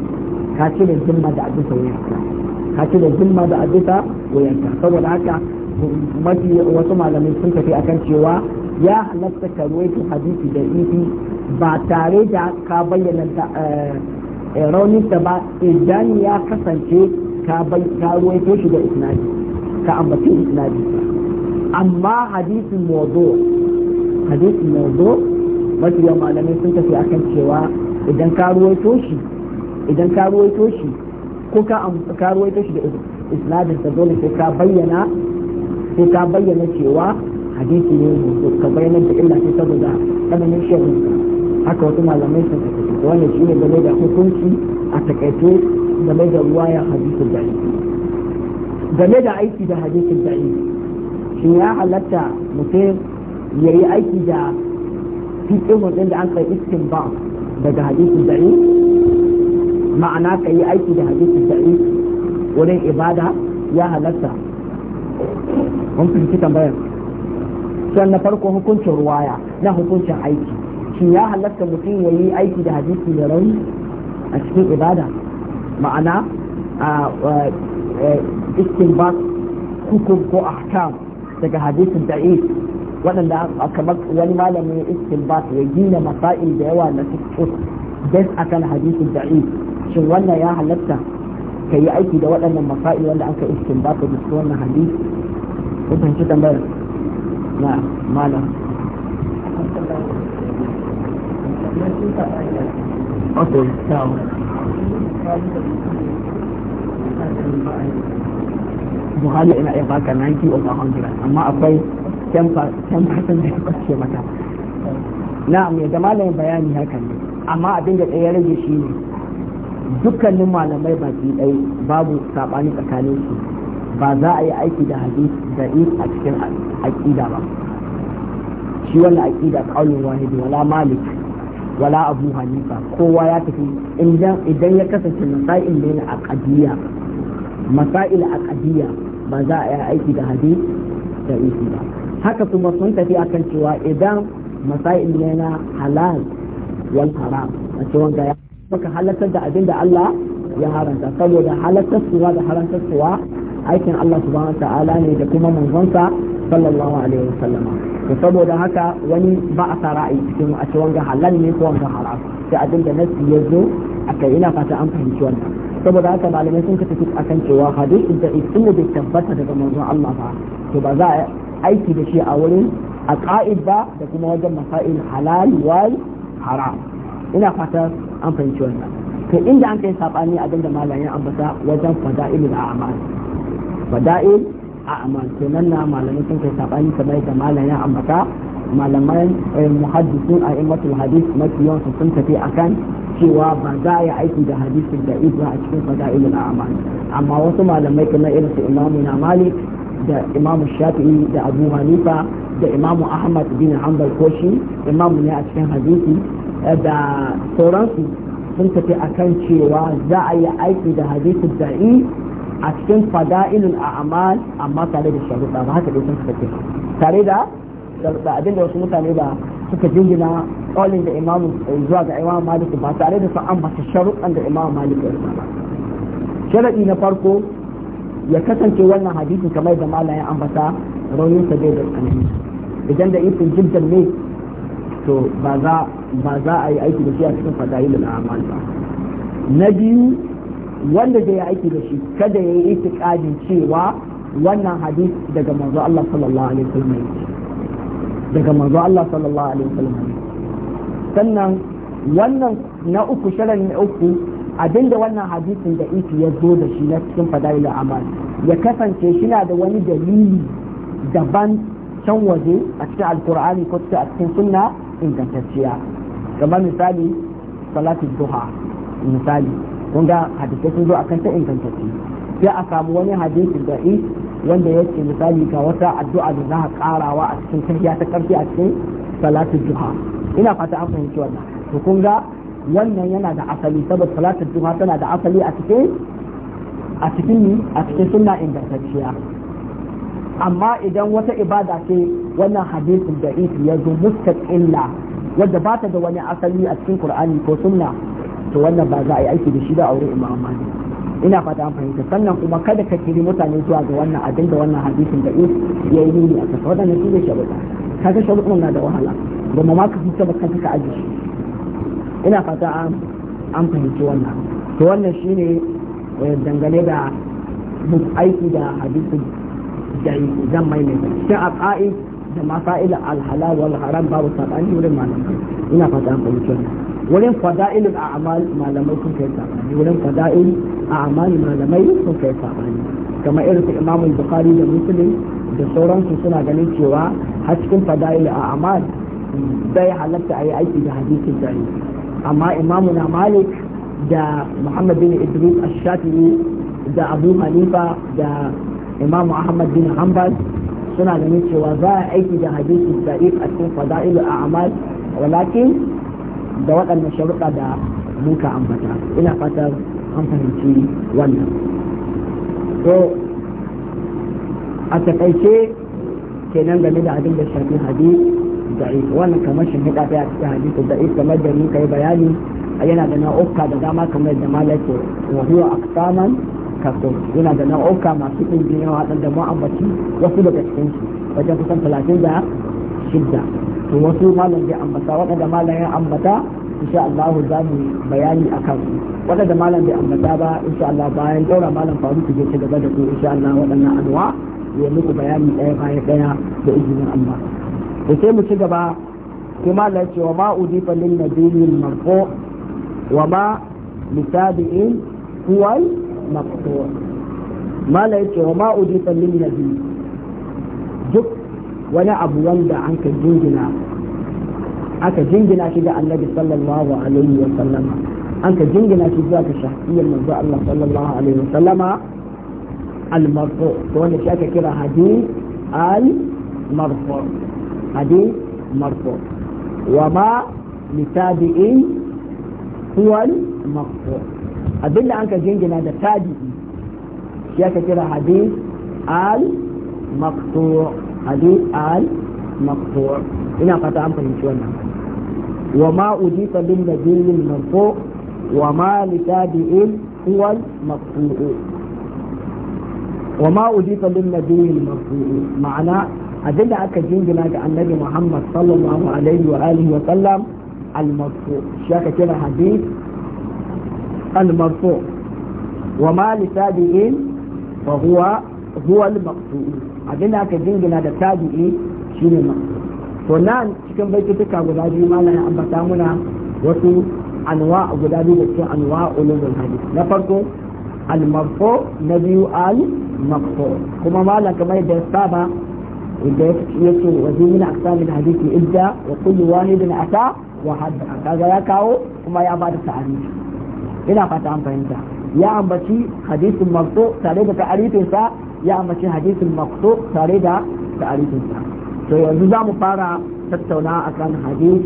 ka cire zimma da abin sauyin haka da zulma da addu'a wayanta saboda haka mafi wasu malamai sun tafi akan cewa ya halatta ka ruwaito hadisi da ifi ba tare da ka bayyana eh, eh, rauninsa ba idan ya kasance ka ruwaito shi da isnadi ka ambaci isnadi amma hadisin mozo hadisin mozo mafi malamai sun tafi akan cewa idan ka ruwaito shi idan ka ruwaito shi ko ka ka ruwaito shi da isnadin da dole sai ka bayyana sai ka bayyana cewa hadisi ne ko ka bayyana da illa sai saboda tsananin shirin haka wasu malamai sun tafi wannan shine game da hukunci a takaice game da ruwaya hadisin da'i game da aiki da hadisin da'i shi ya halatta mutum ya yi aiki da fiƙin wanda an kai iskin ba daga hadisin da'i ma'ana ka yi aiki da hadisi sa'i wurin ibada ya halatta mun fahimci tambayar can na farko hukuncin ruwaya na hukuncin aiki shin ya halatta mutum ya yi aiki da hadisi da rauni a cikin ibada ma'ana a istinbat hukum ko ahkam daga hadisin da'if waɗanda kamar wani malamin istinbat ya gina masail da yawa na fiskot des akan hadisin da'if shin wannan ya halatta ka yi aiki da waɗannan mafa'i wanda an ka iskin ba ka jiski wannan hali ko fahimci tambayar na malam Okay, now. Buhari ina iya baka 90 of 100 amma akwai 10% da ya kwace mata. Na'am ya da bayani hakan ne, amma abin da ya rage shi ne dukkanin malamai baki ɗai babu saɓani tsakanin su ba za a yi aiki da hadis da in a cikin aƙida ba shi wannan aƙida ƙaunin wahidi wala malik wala abu hanifa kowa ya tafi idan ya kasance masail ne na aqadiyya masail aqadiyya ba za a yi aiki da hadis da isi ba haka kuma sun tafi akan cewa idan masail ne na halal wal haram a cewa ga suka halartar da abin da Allah ya haranta saboda suwa da suwa aikin Allah subhanahu ta'ala ne da kuma manzonsa sallallahu alaihi sallama to saboda haka wani ba a sa ra'ayi cikin a ce wanga halal ne ko wanga haram sai abin da nasi ya zo akai ina fata an fahimci wannan saboda haka malamai sun ka tafi akan cewa hadisin da isin da tabbata daga manzon Allah ba to ba za a aiki da shi a wurin a ka'id ba da kuma wajen masail halal wal haram ina fata an fahimci wannan to inda an kai sabani a da malamin ambata wajen fada'ilul a'mal fada'il a'mal to nan na malamin sun kai sabani kamar da malamin ambata malaman eh, muhaddisun a immatul hadis yawan su sun tafi akan cewa ba za a yi aiki da hadisi da ibra a cikin fada'ilul a'mal amma wasu malamai kamar irin su imamu na malik da imamu shafi'i da abu hanifa da imamu ahmad bin hanbal koshi imamu ne a cikin hadisi Eh, da sauransu sun tafi a kan cewa za a yi aiki da hadisi da'i a cikin fada a a'mal amma tare da sharuɗa ba haka dai sun tafi tare da sharuɗa abinda wasu mutane ba suka jingina ƙaunin da imamu eh, zuwa ga imamu maliki ba tare da sun ambata sharuɗan da imamu maliki ya ba sharaɗi na farko ya kasance wannan hadisi kamar da malam ya ambata raunin sa bai da tsanani idan da ifin jiddar ne to ba za a yi aiki da shi a cikin fadayin da amal ba na biyu wanda zai yi aiki da shi kada ya yi itikadin cewa wannan hadis daga manzo Allah sallallahu alaihi wasallam daga manzo Allah sallallahu alaihi wasallam sannan wannan na uku sharan na uku abinda wannan hadisin da iki ya zo da shi na cikin fadayin da amal ya kasance shi na da wani dalili daban can waje a cikin alkur'ani ko cikin sunna ingantacciya kamar misali salatu duha misali kun ga hadisai sun zo akan ta ingantacci sai a samu wani hadisi da wanda yake misali ga wata addu'a da za a karawa a cikin tafiya ta karfi a cikin salatu duha ina fata an fahimci wannan to kun ga wannan yana da asali saboda salatu duha tana da asali a cikin a cikin a cikin sunna ingantacciya amma idan wata ibada ce wannan hadisin da isi ya zo mustaqilla wadda ba ta da wani asali a cikin qur'ani ko sunna to wannan ba za a yi aiki da shi da aure imam malik ina fata an fahimta sannan kuma kada ka kiri mutane zuwa ga wannan abin da wannan hadisin da isi ya yi nuni a kasa wadannan su ne sharuɗa kaga sharuɗan na da wahala ba ma ka fita ba kanka ka aji shi ina fata an fahimci wannan to wannan shine eh, dangane da aiki da hadisin da zan maimaita shi a ƙa'i da masa'il al-halal wal haram babu sabani wurin malamai ina fata an fahimci wurin fada'il a amal malamai sun kai sabani wurin fada'il a'mal malamai sun kai sabani kamar irin su Imam bukari da Muslim da sauransu suna ganin cewa har cikin fada'il a'mal bai halatta a yi aiki da hadisin dare amma imamu na malik da muhammad bin idris ash-shafi'i da abu hanifa da imam ahmad bin hanbal suna ganin cewa za a aiki da hadisi da'if a cikin fada'il a'mal walakin da waɗannan sharuɗa da muka ambata ina fatar an fahimci wannan to a takaice kenan game da abin da shafi hadis da'if wannan kamar shi hida ɗaya cikin hadisi da'if kamar da muka bayani yana da na'ukka da dama kamar da malaka kasuwa yana da nau'uka masu ɗin yawa waɗanda ma ambaci wasu daga cikin su wajen kusan talatin da shidda to wasu malam bai ambata waɗanda malam ya ambata insha Allah za mu bayani a su waɗanda malam bai ambata ba insha Allah bayan daura malam faru ku je ci gaba da ku insha Allah waɗannan anwa ya muku bayani ɗaya baya ɗaya da izinin Allah to sai mu ci gaba kuma la ce wa ma udifa lin nabiyil wa ma لتابع هو مقطوع ما لا يكي وما أضيف للنبي جب ولا أبو وندا عنك جنجنا أنك جنجنا كده النبي صلى الله عليه وسلم أنك جنجنا كده كشخصية من الله صلى الله عليه وسلم المرفوع وانا شاك كذا حديث المرفوع حديث مرفوع وما لتابعين هو المقطوع abinda an ka jingina da tabi'i ya ka kira hadith al maqtu' hadith al maqtu' ina fata an fahimci wannan wa ma udifa bin nabiyyin marfu wa ma li tabi'in huwa al maqtu' wa ma udifa bin nabiyyin marfu' ma'ana abinda aka jingina ga annabi Muhammad sallallahu alaihi wa alihi wa sallam al maqtu' shi ka kira hadith المرفوع وما لتابعين فهو هو المقصود abin aka jingina da tabi'i shine maqsud to nan cikin baitutuka guda biyu malam ya ambata muna wasu anwa guda biyu da cikin anwa ulumul hadith na farko al marfu na biyu al maqfu kuma malam kamar da saba da yake wazimin aqsamil hadith idda wa kullu wahidin ata wa hadda kaga ya kawo kuma ya ba bada ta'arifi ina fata an fahimta ya ambaci hadisin marfu tare da ta'arifin sa ya ambaci hadisin marfu tare da ta'arifin sa to yanzu za mu fara tattauna akan hadis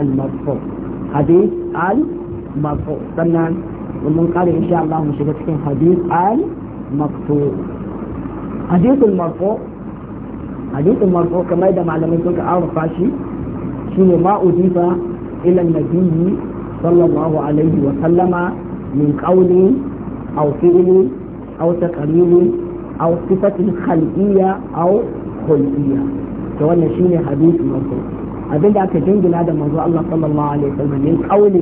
al-marfu hadis al-marfu sannan mun kare insha Allah mu shiga cikin hadis al-marfu hadis al-marfu hadis al kamar da malamai suka arfa shi shine ma udifa ila an-nabiyyi صلى الله عليه وسلم من قول أو فعل أو تقرير أو صفة خلقية أو خلقية فوانا شيني حديث مرفوع أبين دعك جنجل هذا موضوع الله صلى الله عليه وسلم من قول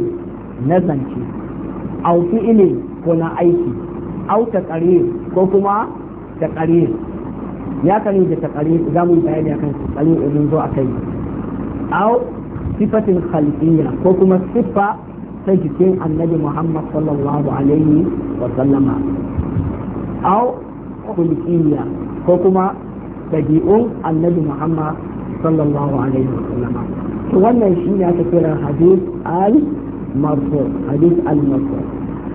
نزنشي أو فعل كنا أيشي أو تقرير كوكما تقرير ya kare da takarir za mu bayani akan tsarin irin zo a kai au sifatin khalqiyya ko kuma siffa ta jikin annabi muhammad sallallahu alaihi wa sallama au kulkiya ko kuma dabi'un annabi muhammad sallallahu alaihi wa sallama to wannan shi ne aka kira hadith al marfu hadith al marfu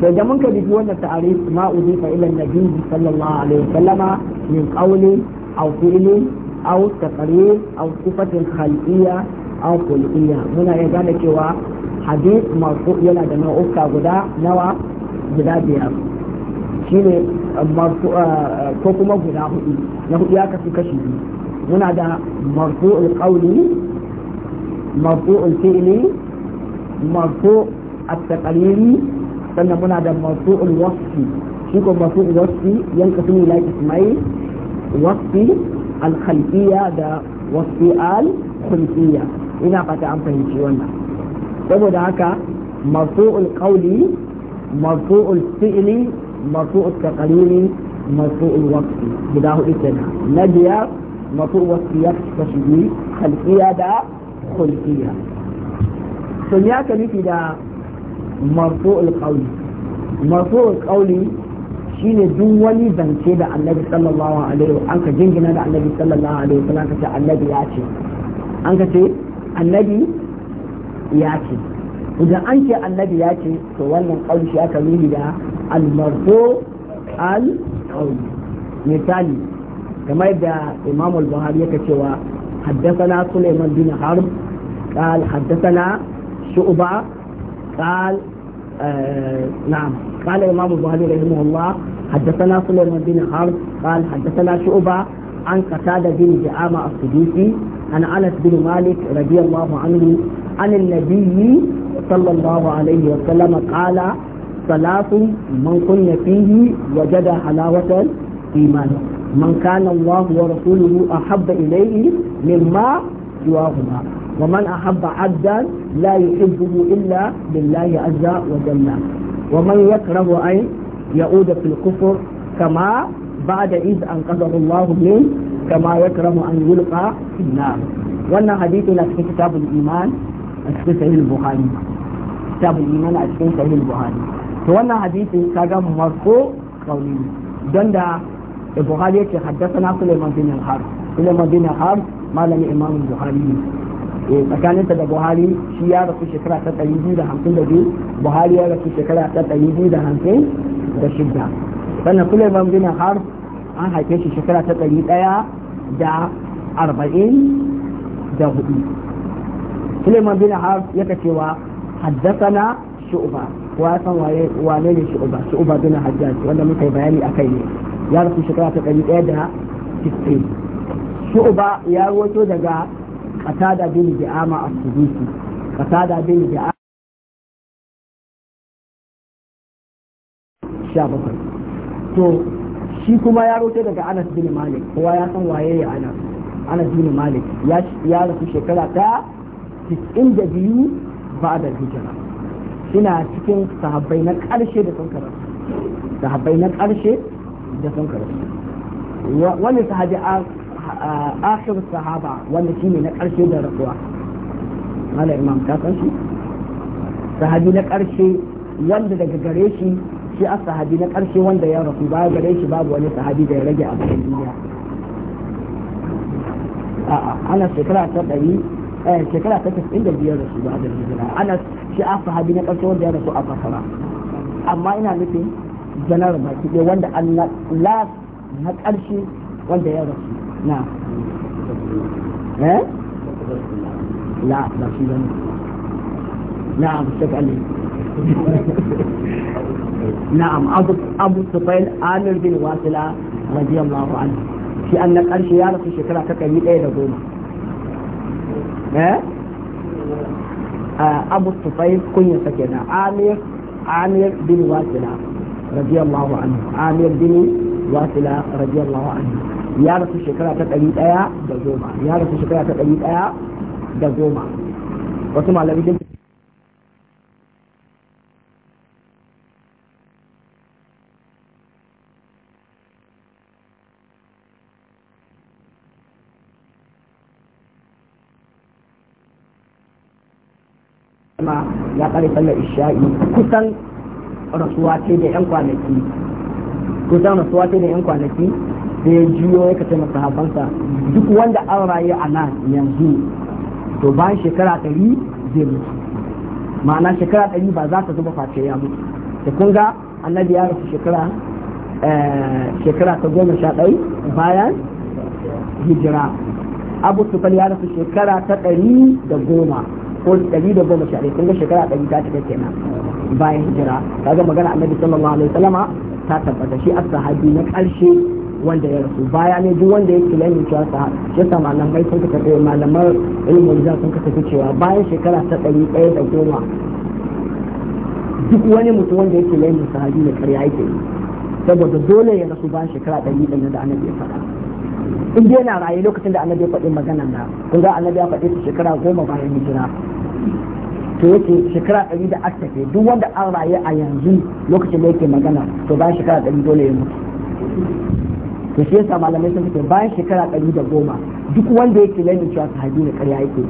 to da mun ka bi wannan ta'arif ma udifa ila annabi sallallahu alaihi wa sallama min qawli aw fi'li aw taqrir aw sifatin khalqiyya aw khulqiyya muna ya gane cewa hadith marfu yana da nau'uka guda nawa guda biyar shine marfu ah, ko kuma guda hudu na hudu ya kasu kashi biyu muna da marfu alqawli marfu alfi'li marfu at-taqlili sannan muna da marfu alwasfi shi ko marfu alwasfi yankasu ne like ismail wasfi alkhalqiyya da wasfi al-khulqiyya ina fata an fahimci wannan saboda haka marfu'ul qawli marfu'ul fi'li marfu'ul taqriri marfu'ul waqti guda hudu kenan na biyar marfu'ul waqti ya kashi biyu khalqiya da khulqiya to ya ka nufi da marfu'ul qawli marfu'ul qawli shine duk wani zance da annabi sallallahu alaihi wa an ka jingina da annabi sallallahu alaihi wa sallam ka ce annabi ya ce an ka ce annabi ya ce idan an ce annabi ya ce to wannan ƙauli shi aka nuni da almarfo al-ƙauli misali kamar da imam al-buhari yake cewa بن حرب قال حدثنا شعبة قال آه نعم قال الإمام البخاري رحمه الله حدثنا سليمان بن حرب قال حدثنا شعبة عن قتادة بن جعامة الصديقي عن أنس بن مالك رضي الله عنه عن النبي صلى الله عليه وسلم قال ثلاث من كن فيه وجد حلاوة الإيمان من كان الله ورسوله أحب إليه مما سواهما ومن أحب عبدا لا يحبه إلا لله عز وجل ومن يكره أن يعود في الكفر كما بعد إذ أنقذه الله منه كما يكره أن يلقى في النار وأن حديثنا في كتاب الإيمان a cikin sahih buhari kitabul iman a cikin sahih buhari to wannan hadisin kaga marko kauli don da buhari yake haddathana Sulaiman bin Har Sulaiman bin Har malami Imam Buhari ne eh, tsakaninsa da Buhari shi ya rasu shekara ta ɗari biyu da da biyu Buhari ya rasu shekara ta ɗari biyu da da 256 sannan Sulaiman bin Har an haife shi shekara ta ɗari ɗaya da arba'in da hudu Suleiman bin Harb yake cewa haddathana shu'ba wa san waye wane ne shu'ba shu'ba bin Hajjaj wanda muka yi bayani akai ne ya rasu shekara ta 160 shu'ba ya rawato daga qatada bin Bi'ama as to shi kuma ya rawato daga Anas bin Malik kowa ya san waye ya Anas Anas bin Malik ya rasu shekara ta 92 ba da hijira suna cikin sahabbai na ƙarshe da sun karatu sahabbai na ƙarshe da sun karatu wani sahabi a akhir sahaba wanda shine na ƙarshe da rasuwa mala imam ka san shi sahabi na ƙarshe wanda daga gare shi shi a sahabi na ƙarshe wanda ya rasu ba gare shi babu wani sahabi da ya rage a cikin duniya a ana shekara ta ɗari Eh, shekara ta tafi da biyar da su ba da hijira anas shi a sahabi na ƙarshe wanda ya rasu a fasara amma ina nufin janar baki ɗaya wanda an last na karshe wanda ya rasu na eh la ba shi bane na'am shek ali na'am abu abu sufail amir bin wasila radiyallahu anhu shi an na ƙarshe ya rasu shekara ta kai ɗaya da goma Eh? Eh, abu tufai kunyar sa kenan amir amir bin wasila radiyallahu anhu amir bin wasila radiyallahu anhu ya rasu shekara ta ɗari ɗaya da goma ya rasu shekara ta ɗari ɗaya da goma wasu malamai kuma ya kare sallar isha'i kusan rasuwa ce da yan kwanaki kusan rasuwa ce da yan kwanaki sai ya juyo ya kace masa duk wanda an raye a nan yanzu to bayan shekara ɗari zai mutu ma'ana shekara ɗari ba za ta zuba face ya mutu da kun ga annabi ya rasu shekara eh, shekara ta goma sha ɗai bayan hijira abu tufal ya rasu shekara ta ɗari da goma ko 110 kun ga shekara ɗari ta cika kenan bayan hijira kaga magana annabi sallallahu alaihi wasallama ta tabbata shi as-sahabi na ƙarshe wanda ya rasu baya ne duk wanda ya kilamin cewa sa shi yasa malamai sun ka tafi malamar ilmin da sun ka tafi cewa bayan shekara ta ɗari ɗaya da goma duk wani mutum wanda ya kilamin sahabi na karya yake saboda dole ya rasu bayan shekara ɗari ɗin da annabi ya faɗa in dai yana raye lokacin da annabi ya faɗi magana na kun ga annabi ya faɗi shekara goma bayan hijira to yake shekara ɗari da aka tafi duk wanda an raye a yanzu lokacin da yake magana to bayan shekara ɗari dole ya mutu to shi yasa malamai sun fice bayan shekara ɗari da goma duk wanda yake lalle cewa sahabi ne ƙarya yake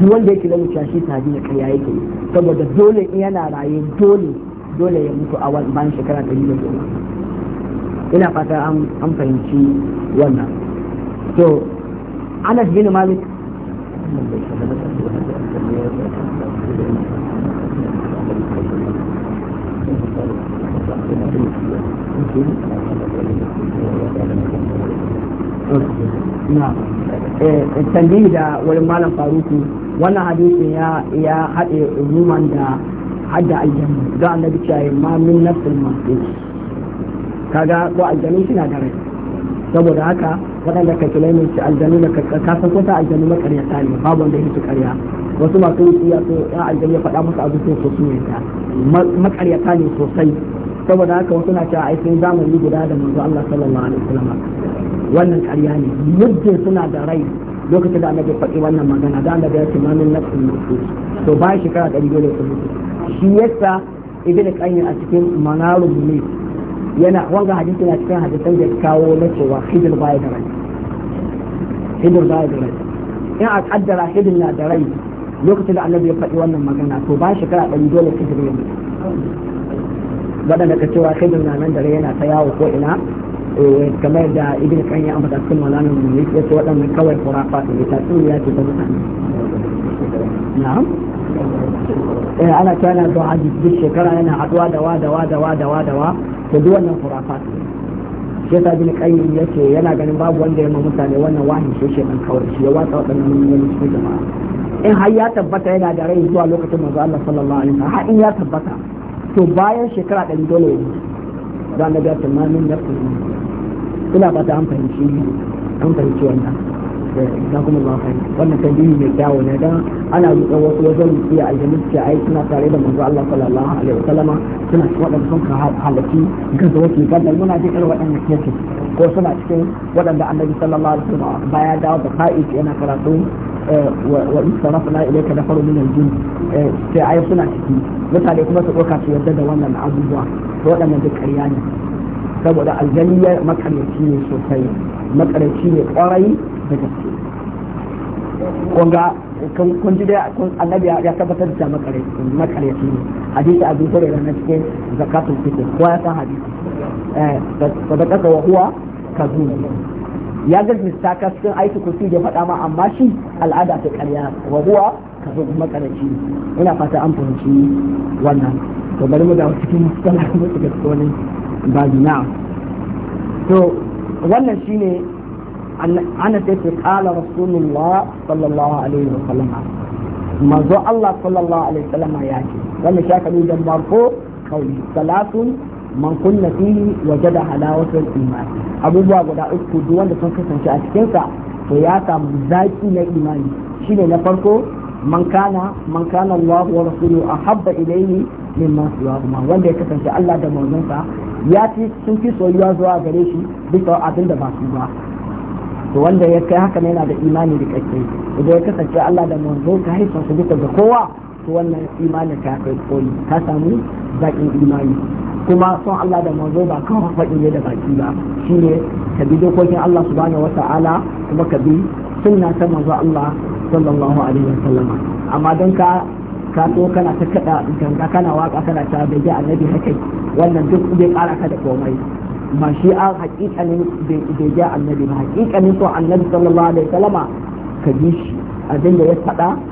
duk wanda yake lalle cewa shi sahabi ne ƙarya yake saboda dole in yana raye dole dole ya mutu a bayan shekara ɗari da goma ina fata an fahimci wannan to Anas bin Malik Eh, tambayi da wani malam faruku wannan hadisin ya ya haɗe ruman da hadda aljanna don annabi cewa ma min nafsin masu kaga ko aljanna suna da rai saboda haka waɗanda ka kilai mai ci aljanu na kasan kusa aljanu na ƙarya ta ne babu wanda yake ƙarya wasu masu yi ya so ya aljanu ya faɗa musu abubuwan su su ta maƙaryata ne sosai saboda haka wasu na cewa aikin zamani guda da manzo Allah sallallahu alaihi wasallam wannan ƙarya ne muddin suna da rai lokacin da annabi faɗi wannan magana da annabi ya ce ma min nafsin mutus to ba shekara ɗari dole su mutu shi yasa ibn qayyim a cikin manarun mulk yana wanga hadisi na cikin hadisan da kawo na cewa hidin baya da rai hidin baya da rai in a kaddara hidin na da rai lokacin da annabi ya faɗi wannan magana to ba shekara ɗari dole hidin ya mutu waɗanda ka cewa hidin na nan da rai yana ta yawo ko ina kamar da ibn kan ya ambata cikin malamin mu ne ya ce waɗannan kawai kurafa ne ta tsuniya ce ta mutane na'am eh ana tana don haji duk shekara yana haduwa da wa da wa da wa da wa da wa to duk wannan khurafat shi yasa bin qayyim yace yana ganin babu wanda ya mutane wannan wahin shi shi dan kawai shi ya watsa wadannan wani cikin jama'a in har ya tabbata yana da rai zuwa lokacin manzo Allah sallallahu alaihi wasallam har in ya tabbata to bayan shekara ɗari dole ya mutu za a ga ta mamin nafsin ina fata an fahimci an fahimci wannan da kuma ba kai wannan tambayi mai kyawu ne dan ana rubuta wasu wajen iya aljanna ce ai suna tare da manzo Allah sallallahu alaihi wasallama suna cikin sun ka halaki gaza wace muna irin ko suna cikin annabi sallallahu alaihi wasallam baya da karatu eh, wa in min eh, sai ai suna ciki mutane kuma su ɗauka su yarda da wannan abubuwa waɗannan duk ƙarya ne saboda aljani ya makarici ne sosai makarici ne kwarai da gaske kunga kun ji dai annabi ya tabbatar da makarici ne hadisi abu da na cikin zakatul fitr ko ya san hadisi eh sadaqaka wa huwa kazuni ya gaskata ka cikin aiki kursi da faɗa ma amma shi al'ada ta karya wa huwa kafin makaranci ina fata an fahimci wannan to bari mu dawo cikin matsala kuma su gaske ba bazi na to wannan ne ana sai ce kala rasulullah sallallahu alaihi wa sallama manzo Allah sallallahu alaihi wa sallama ya ce wannan shi shakalu dan barko kauli salatun man kunna fihi wajada halawatul iman abubuwa guda uku duk wanda sun kasance a cikin sa to ya samu zaki na imani shine na farko man kana man kana Allah wa rasuluhu ahabba ilayhi mimma siwahuma wanda ya kasance Allah da manzonsa ya ci sun fi soyuwa zuwa gare shi bisa abin da ba su ba to wanda ya kai haka yana da imani da kake idan ya kasance Allah da manzonsa kai su bisa ga kowa to wannan imanin ka kai koyi ka samu zaƙin imani kuma son Allah da manzo ba kan faɗi ne da baki ba shine ka bi dokokin Allah subhanahu wata'ala kuma ka bi sunna ta manzo Allah sallallahu alaihi wasallam amma don ka ka so kana ta kada ganga kana waka kana ta bai ji annabi haka wannan duk bai ƙara ka da komai ba shi an haƙiƙanin bai ji annabi ba Haƙiƙanin so annabi sallallahu alaihi wasallam ka bi shi abin da ya faɗa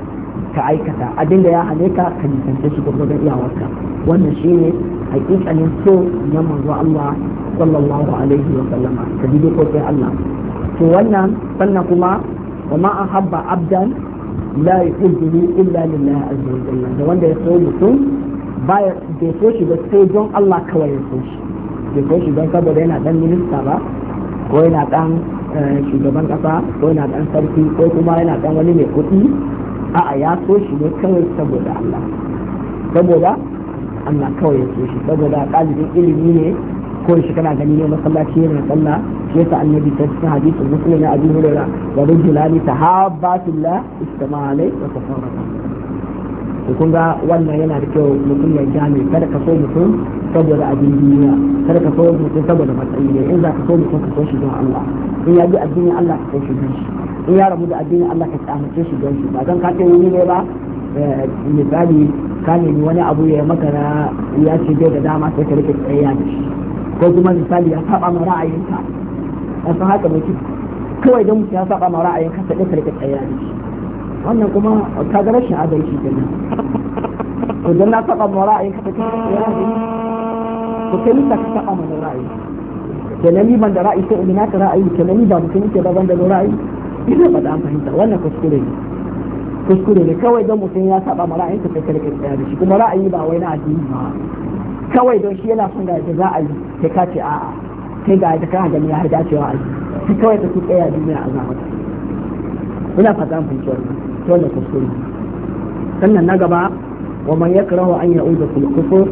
ka aikata abin da ya hane ka ka nisance shi gwargwadon iyawarka wannan shi ne hakikanin so na manzo Allah sallallahu alaihi wa sallama ka ji sai Allah to wannan sannan kuma wa ma ahabba abdan la yuhibbu illa lillahi azza wa jalla da wanda ya so mutum baya bai so shi ba sai don Allah kawai ya so shi bai so shi don saboda yana dan minista ba ko yana dan eh, shugaban kasa ko yana dan sarki ko kuma yana dan wani mai kuɗi a'a ya so shi ne kawai saboda Allah saboda Allah kawai ya so shi saboda ɗalibin ilimi ne ko shi kana gani ne masallaci yana sallah shi yasa annabi ta cikin hadisin muslim na abi hurairah wa rajulani tahabbatullah istama alai wa tafarraqa to kun ga wannan yana da kyau mutum ya gane kada ka so mutum saboda abin duniya kada ka so mutum saboda matsayi ne in za ka so mutum ka so shi don Allah in ya bi addinin Allah ka so shi don shi in ya rabu da addinin Allah ka kyamace shi don shi ba don ka ce wani ne ba eh, misali ka nemi wani abu ya maka na ya ce bai da dama sai ka rike tsayayya da shi ko kuma misali ya saba ma ra'ayinka a san haka mai kawai don mutum ya saba ma ra'ayinka sai ka rike tsayayya da shi wannan kuma ka ga rashin adalci kenan to dan na saba ma ra'ayinka sai ka rike tsayayya da shi to kai ne ka saba ma ra'ayi kenan ni ban da ra'ayi sai ina ka ra'ayi kenan ni ba mutum ke ba ban da ra'ayi ina faɗa an fahimta wannan kuskure ne kuskure ne kawai don mutum ya saba ma ra'ayin ka kai ka da shi kuma ra'ayi ba wai na addini ba kawai don shi yana son da yadda za a yi sai ka ce a'a kai ga yadda kana ganin ya har dacewa a yi shi kawai ka su tsaya duniya a zama ina faɗa an fahimta wannan to wannan kuskure sannan na gaba wa man yakrahu an ya'uda fil kufur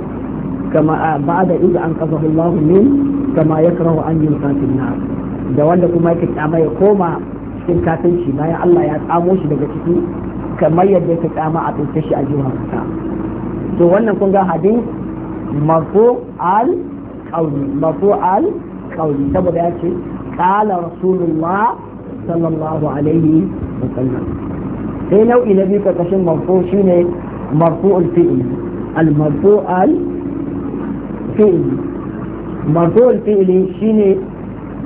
كما بعد إذا an الله منه كما يكره أن يلقى في النار da wanda kuma yake kyama ya koma cikin kasanci bayan Allah ya tsamo shi daga ciki kamar yadda ya tsama a tsince shi a jihar kusa. to wannan kun ga hadin mafu al qawli mafu al qawli saboda ya ce kala rasulullah sallallahu alaihi wa sallam sai nau'i na biyu karkashin mafu shine mafu al fi'li al mafu al fi'li mafu al shi shine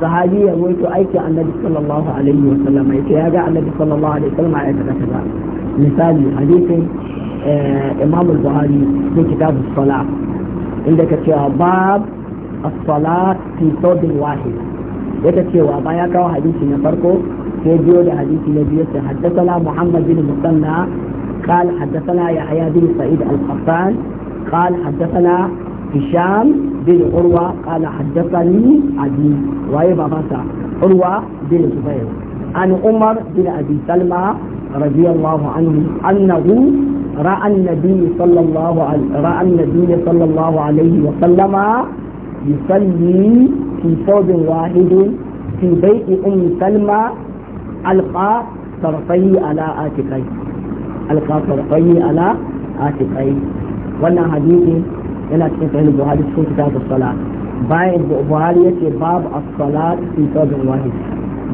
sahabi ya wato aiki annabi sallallahu alaihi wa sallam yace ya ga annabi sallallahu alaihi wa sallam a aikata kaza misali hadisin eh, imam al-buhari da kitab as-salah inda ka cewa bab as-salat fi sawtin wahid yake cewa ba ya kawo hadisi na farko sai biyo da hadisi na biyu sai haddathana muhammad bin musanna قال حدثنا يحيى بن سعيد القطان قال حدثنا هشام بن عروة قال حدثني أبي وهي باباتا عروة بن زبير عن عمر بن أبي سلمة رضي الله عنه أنه رأى النبي صلى الله عليه رأى النبي صلى الله عليه وسلم يصلي في صوب واحد في بيت أم سلمى ألقى طرفيه على آتقيه ألقى طرفيه على آتقيه وأن حديث yana cikin sahih buhari cikin kitab as-salat bayan buhari yace babu as-salat fi thawbin wahid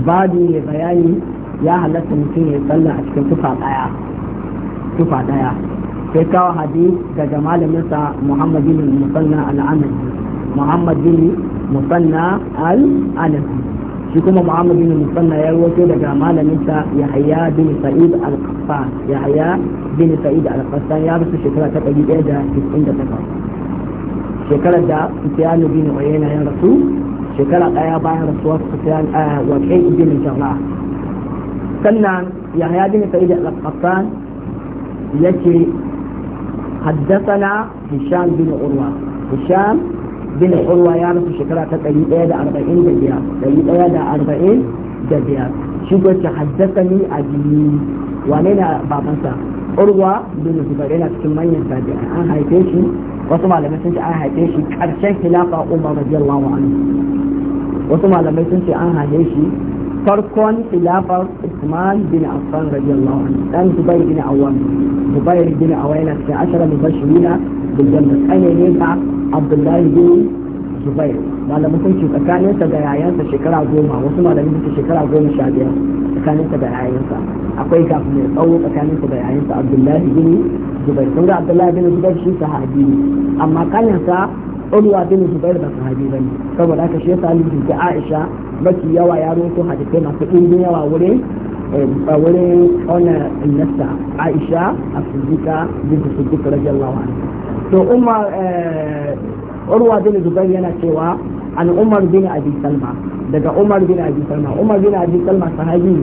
babu ne bayani ya halatta mutum ya tsalla a cikin tufa daya tufa daya sai kawo hadis daga malaminsa muhammad bin musanna al-anabi muhammad bin musanna al-anabi shi kuma muhammad bin musanna ya rawaito daga malaminsa yahya bin sa'id al-qassan yahya bin sa'id al-qassan ya rasu shekara ta ɗari ɗaya da 198 shekarar da Sufyan bin Uyayna ya rasu shekara daya bayan rasuwar Sufyan eh, waqi bin Jarrah sannan Yahya bin Sa'id al-Qattan yace حدثنا هشام بن عروة هشام بن عروة يعرف شكرا تقريبا إيه أربعين دبيا تقريبا أربعين دبيا شو قلت حدثني wane ne babansa urwa bin zubair yana cikin manyan tabi'a an haife shi wasu malamai sun ce an haife shi karshen khilafa umar radiyallahu anhu wasu malamai sun ce an haife shi farkon khilafar Usman bin Affan radiyallahu anhu dan Zubair bin Awwam Zubair bin Awwam yana cikin ashara mubashirin bil janna kane ne ka Abdullah bin Zubair malamin sun ce tsakanin sa da yayansa shekara goma wasu malamin sun ce shekara goma sha biyar tsakaninsa da yayinsa akwai kafin mai tsawo tsakaninsa da yayansa abdullahi bin zubair kun ga abdullahi bin zubair shi sahabi ne amma kaninsa ulwa bin zubair ba sahabi ba ne saboda haka shi yasa alifu ta aisha mafi yawa ya roto hadisai masu ɗimbin yawa wurin eh, a wurin ƙauna nasta aisha a sujika bin sujika radiyallahu anhu to umar eh, urwa bin zubair yana cewa an umar bin abi salma daga Umar bin Abi Salma Umar bin Abi Salma sahabi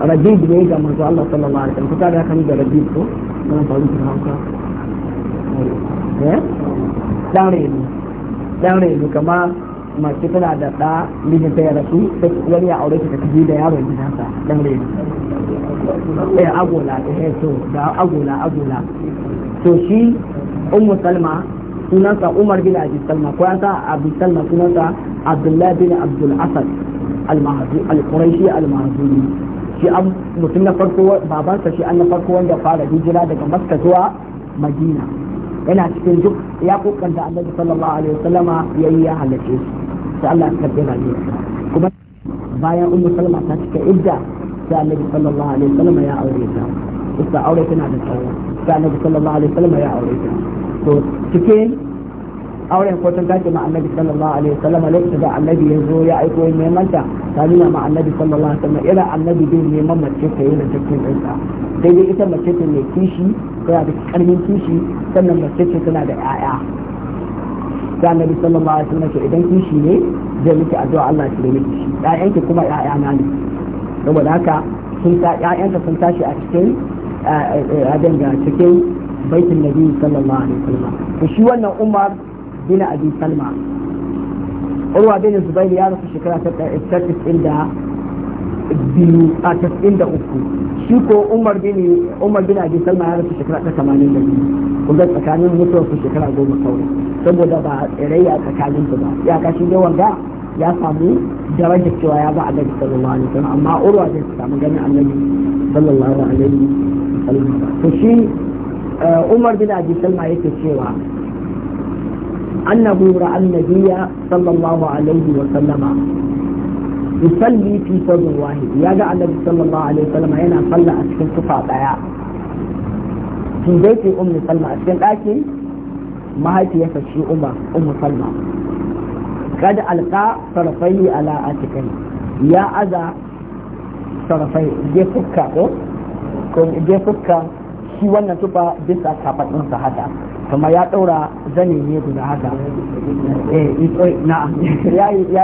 rajid ne ga manzo Allah sallallahu alaihi wasallam kan da rajid ko nan faru ta hauka eh dan ne dan ne mace tana da ɗa mijin ta ya sai wani ya aure ta tafi da yaron gidansa dan ne eh agola eh to da agola agola to shi ummu salma sunansa Umar bin Abi Salma ko an sa Abi Salma sunansa Abdullah bin Abdul Asad al-Mahdi al-Quraishi al-Mahdi shi an mutum na farko babansa shi an na farko wanda fara hijira daga Makka zuwa Madina yana cikin duk ya kokanta Annabi sallallahu alaihi wasallama yayi ya halace shi sai Allah ya karbe rayuwarsa kuma bayan Ummu Salma ta cika idda sai Annabi sallallahu alaihi wasallama ya aure ta ita aure tana da tsawo sai Annabi sallallahu alaihi wasallama ya aure ta to cikin auren kwatan take ma annabi sallallahu alaihi wasallam lokacin da annabi ya zo ya aiko ya neman ta ta nuna ma annabi sallallahu alaihi wasallam ira annabi bin neman mace ta yi da cikin ɗinsa dai dai ita mace ce mai kishi tana da karmin kishi sannan mace ce tana da 'ya'ya da annabi sallallahu alaihi wasallam ce idan kishi ne zai miki addu'a Allah ya tsare miki ƴaƴanki kuma ƴaƴa na ne saboda haka sun ta ƴaƴanka sun tashi a cikin a danga cikin baitin nabi sallallahu alaihi wasallam to shi wannan umar bin abi salma urwa ya rasu shekara ta 92 a 93 shi ko umar bin umar ya rasu shekara ta 82 kuma tsakanin mutuwar su shekara goma kawai saboda ba tsirayya tsakanin su ba ya kashi yawan da ya samu darajar cewa ya ba annabi sallallahu alaihi wasallam amma urwa zai samu ganin annabi sallallahu alaihi wasallam to umar bin abi salma yake cewa annahu ra'a annabiyya sallallahu alaihi wa sallama yusalli fi wahid ya ga annabi sallallahu alaihi wa sallama yana salla a cikin tufa daya ummi salma a cikin ɗakin mahaifiyarsa shi umar salma kad alqa sarfai ala atikai ya aza sarfai je fukka ko ko je fukka shi wannan tufa bisa kafaɗinsa haka kuma ya ɗaura zane ne guda haka eh, oh, ya yi lamfe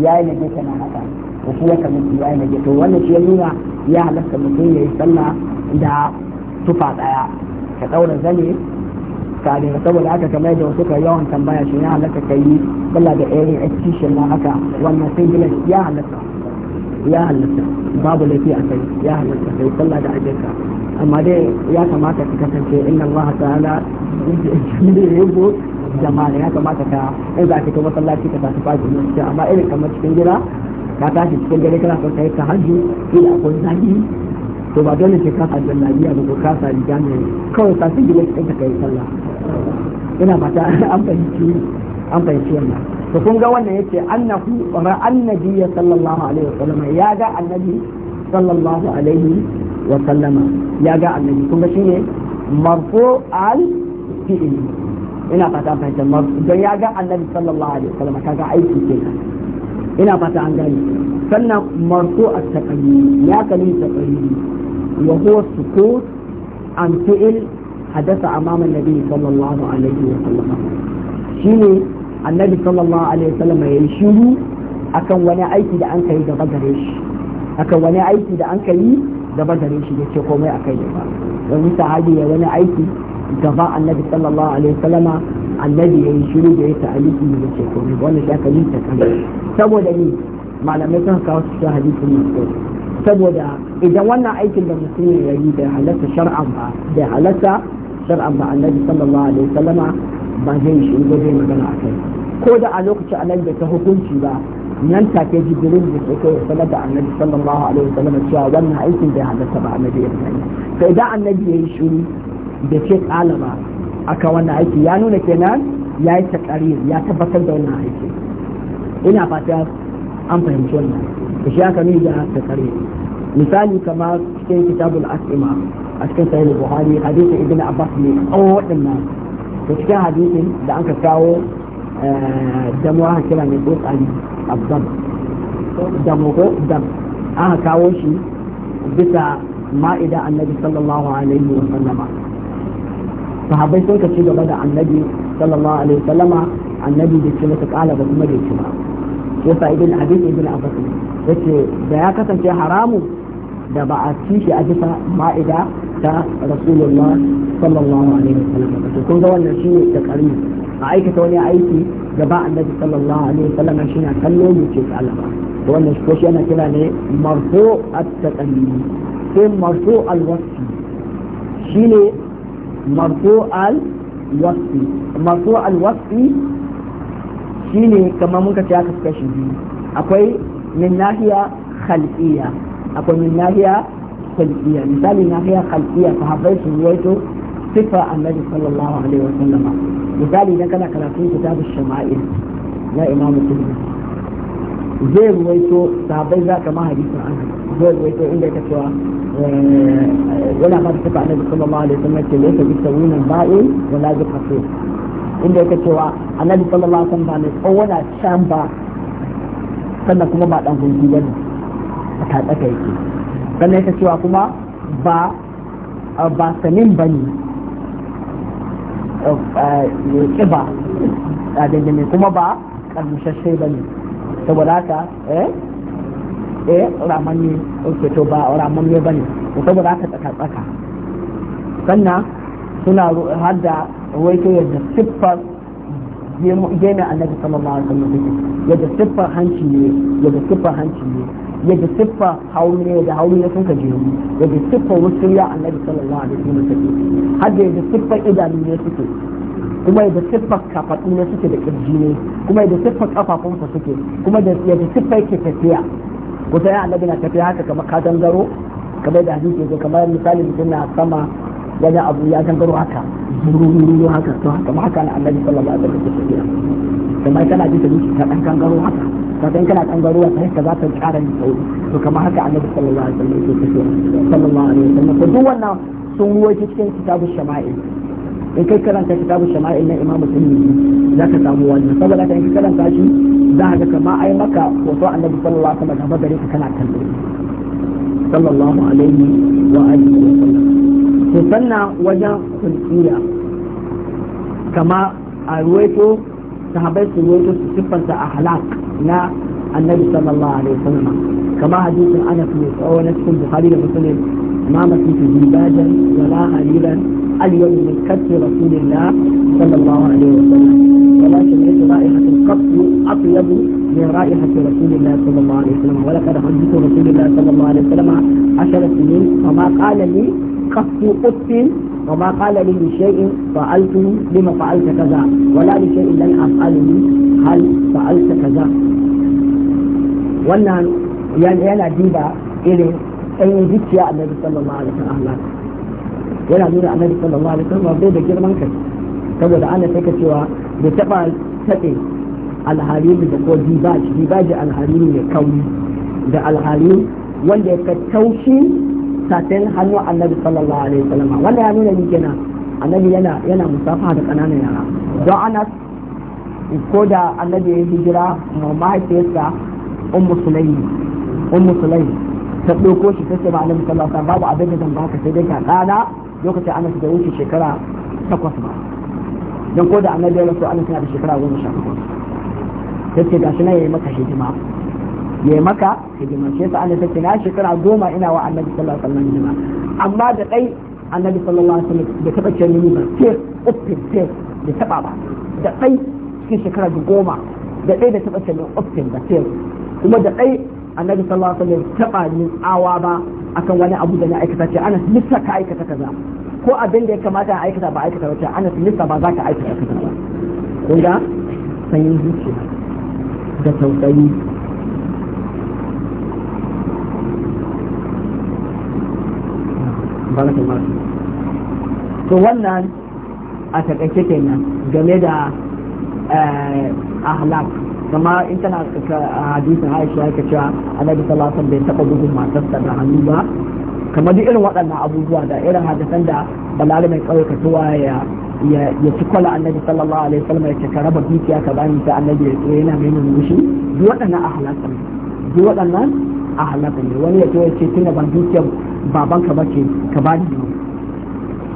ya yi lamfe kana haka ko kuma kamar ya yi lamfe to wannan shi ya nuna ya halatta mutum ya yi sallah da tufa ɗaya ka ɗaura zane ka dinga saboda haka kamar da wasu ka yawan tambaya shi ya halatta ka yi sallah da ɗaya a cikin ma haka wannan singlet ya halatta ya halatta babu laifi a kai ya halatta yi sallah da ajiyarka amma dai ya kamata ka kasance inna Allah ta'ala yuhibbu jama'a ya kamata ka in za ka kuma masallaci ka tafi faji ne amma irin kamar cikin gida ka tashi cikin gari kana son kai ka hajji ila akwai zagi to ba dole ce ka sa jallabiya ba ko ka sa riga ne kawai ka su gida cikin ka kai sallah ina mata an fahimci an fahimci wannan to kun ga wannan yace annahu ra'an nabiyya sallallahu alaihi wasallam ya ga annabi sallallahu alaihi wa sallama ya ga annabi kun ga shine marfu al fi'l ina fata an fahimta marfu don ya ga annabi sallallahu alaihi wasallam kaga aiki kenan ina fata an gani sannan marfu at taqyid ya kalin taqyid wa huwa sukut an fi'l hadasa amama annabi sallallahu alaihi wasallam shine annabi sallallahu alaihi wasallam yayi shiru akan wani aiki da an gaba gare shi akan wani aiki da an gaba da shi ya ce komai a kai ne ba domin sahabi ya wani aiki gaba annabi sallallahu alaihi wasallama annabi ya yi shiru da ya ta'aliki ya ce komai ba wannan shi aka yi ta kan saboda ni malamai sun kawo su cikin hadisin musulmi saboda idan wannan aikin da musulmi ya yi bai halatta shar'an ba bai halatta shar'an ba annabi sallallahu alaihi wasallama ba zai shi ba zai magana a kai ko da a lokacin annabi da ta hukunci ba nan take jibril da ke kai sanar da annabi sallallahu alaihi wasallam cewa wannan aikin bai halatta ba annabi ya sani sai da annabi ya yi shiru da ce kalaba aka wannan aiki ya nuna kenan ya yi takarir ya tabbatar da wannan aiki ina fata an fahimci wannan da shi aka nuna da takarir misali kamar cikin kitabul asima a cikin sahih buhari hadisi ibn abbas ne tsawon waɗannan da cikin hadisin da an ka kawo damo aka kira mai tsokani abdam damo ko dam aka kawo shi bisa ma'ida annabi sallallahu alaihi wa sallama sahabbai sun ka ci gaba da annabi sallallahu alaihi wa sallama annabi da ce mata kala ba kuma da ci ba ko sa ibn abin ibn abbas yace da ya kasance haramu da ba a ci shi a bisa ma'ida ta rasulullah sallallahu alaihi wa sallama to kun ga wannan shine da karni a aikata wani aiki da ba annabi sallallahu alaihi sallam shi na kallo mu ce Allah ba to wannan ko shi ana kira ne marfu at-taqalli sai marfu al-wasfi shine marfu al-wasfi marfu al-wasfi shine kamar muka ce aka kashi biyu akwai min nahiya khalqiyya akwai min nahiya khalqiyya misali nahiya khalqiyya sahabbai su ruwaito sifa annabi sallallahu alaihi wa sallama misali idan kana karatun kitabu shama'il na imam muslim zai ruwaito sabai za ka ma hadisin an zai ruwaito inda ka cewa eh, yana ba sifa annabi sallallahu alaihi wa sallama ce laysa bi sawinin ba'in wala bi kafir inda ka cewa annabi sallallahu alaihi wa sallama ne kowa can ba sannan kuma ba dan gunki ne a tatsaka yake sannan ka cewa kuma ba ba sanin bane ba a dangane kuma ba ƙarnushashe ba ne saboda haka eh eh ramanne ok to ba ramanne ba ne saboda haka tsaka tsaka sannan suna har da ruwaito yadda siffar gemin annabi sallallahu alaihi wasallam take yadda siffar hanci ne yadda siffa hanci ne yadda siffa hauni ne yadda hauni ne sun ka jeru yadda siffar wusuliya annabi sallallahu alaihi wasallam take har da yadda siffa idanu ne suke kuma yadda siffa kafaɗu ne suke da kirji ne kuma yadda siffar su suke kuma yadda siffa yake tafiya kusa ya annabi na tafiya haka kamar garo kamar da hadisi ke kamar misali mutum na sama daga abu ya gangaro haka zururu haka to haka ma haka na annabi sallallahu alaihi wasallam kamar kana ji ta miki ta dan kangaro haka ka dan kana kangaro sai ka za ta ƙara ni sauri to kamar haka annabi sallallahu alaihi wasallam ke tafiya sallallahu alaihi wasallam to duk wannan sun ruwaje cikin kitabu shama'il in kai karanta kitabu shama'il na imamu sunni za ka samu wannan saboda kai in ka karanta shi za ka kama ai maka hoto annabi sallallahu alaihi wasallam gaba gare ka kana kallo sallallahu alaihi wa alihi sallam سنة وجن سنسية كما أرويتو صحابيس أرويتو سفة أخلاق لا النبي صلى الله عليه وسلم كما حديث أنا في أو نسكن بخليل مسلم ما مسي في زباجا ولا خليلا اليوم من كتر رسول الله صلى الله عليه وسلم ولكن ليس رائحة القتل أطيب من رائحة رسول الله صلى الله عليه وسلم ولقد حدث رسول الله صلى الله عليه وسلم عشر سنين فما قال لي خف قدس وما قال لي لشيء فعلته لما فعلت كذا ولا لشيء لن أفعله هل فعلت كذا wannan yana diba irin tsayin zuciya a nabi sallallahu alaihi wasallam yana nuna annabi sallallahu alaihi wasallam bai da girman kai saboda ana sai ka cewa bai taba tabe alharimi da ko dibaji dibaji alharimi ne kauri da alharimi wanda ya ka taushi tafin hannu annabi sallallahu alaihi wasallam wanda ya nuna ni kenan annabi yana yana musafaha da kananan yara don anas ko da annabi ya hijira ma mahaifiyarsa ummu sulaimi ummu sulaimi ta ɗauko shi ta ce ba annabi sallallahu alaihi babu abin da zan baka sai dai ka kana lokacin anas da wuce shekara takwas ba don ko da annabi ya rasu anas yana da shekara goma sha takwas sai ce ga shi na yayi maka hidima ya maka hidima shi yasa Allah take na shekara goma ina wa annabi sallallahu alaihi wasallam hidima amma da dai annabi sallallahu alaihi wasallam da taba ce ni ba ce uffin ce da taba ba da dai cikin shekara goma da dai da taba ce ni uffin da ce kuma da dai annabi sallallahu alaihi wasallam taba ni tsawa ba akan wani abu da na aikata ce ana lissa ka aikata kaza ko abin da ya kamata a aikata ba aikata wacce ana lissa ba za ka aikata kaza kun ga sanyin zuciya da tausayi subhanahu masu to wannan a takaice kenan game da eh, ahlak kama in tana hadisin Aisha yake cewa Annabi sallallahu alaihi wasallam bai taba bugun matarsa da hannu ba kamar duk irin waɗannan abubuwa da irin hadisan da balali mai kawai katuwa ya ya ci kwala annabi sallallahu alaihi wasallam ya ce ka raba dukiya ka bani ta annabi ya ce yana mai nuna shi duk waɗannan ahlak ne duk waɗannan ahlak ne wani ya ce ya tunda ban dukiyar babanka bace ka ba ni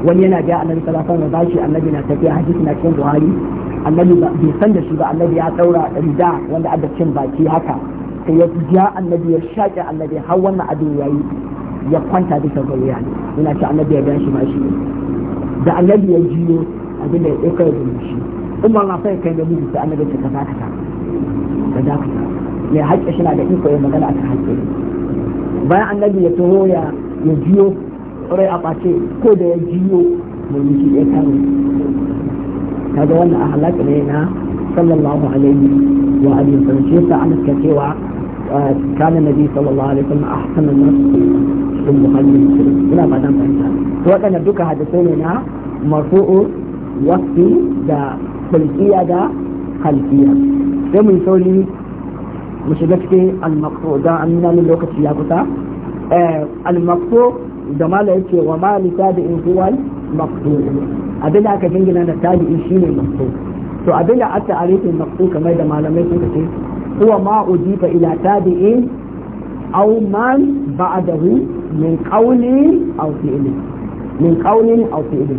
wani yana biya annabi sallallahu alaihi wasallam bashi annabi na tafiya hadisi na cikin buhari annabi ba bai san da shi ba annabi ya daura rida wanda adda cin baki haka sai ya ja annabi ya shaƙe annabi har wannan abin yayi ya kwanta bisa ga wuya ne yana ce annabi ya gan shi ma shi da annabi ya jiyo abin da ya ɗauka ya gudu shi Umar na sai kai da mutu sai annabi ce ka dakata ka dakata mai haƙƙi shi na da iko ya magana a kan haƙƙi bayan annabi ya taho ya ya jiyo rai a ɓace ko da ya jiyo mulki ya ta kaga wannan a halaka ne na sallallahu alaihi wa alihi wasallam shi yasa an ka cewa ah, kana nabi sallallahu alaihi wasallam ahsanan nas cikin bukhari ina ba dan fahimta to wadanda duka hadisai ne na marfu'u waqti da kulkiya da khalqiya sai mun sauri mu shiga cikin al-maqruda an nuna lokaci ya kusa Eh, al-maqtu da mala yake wa malika da inhuwal maqtu abin da aka jingina da in shine maqtu to abin da aka arifi maqtu kamar da malamai suka ce huwa ma ujiba ila in aw man ba'dahu min qawlin aw fi'li min qawlin aw fi'li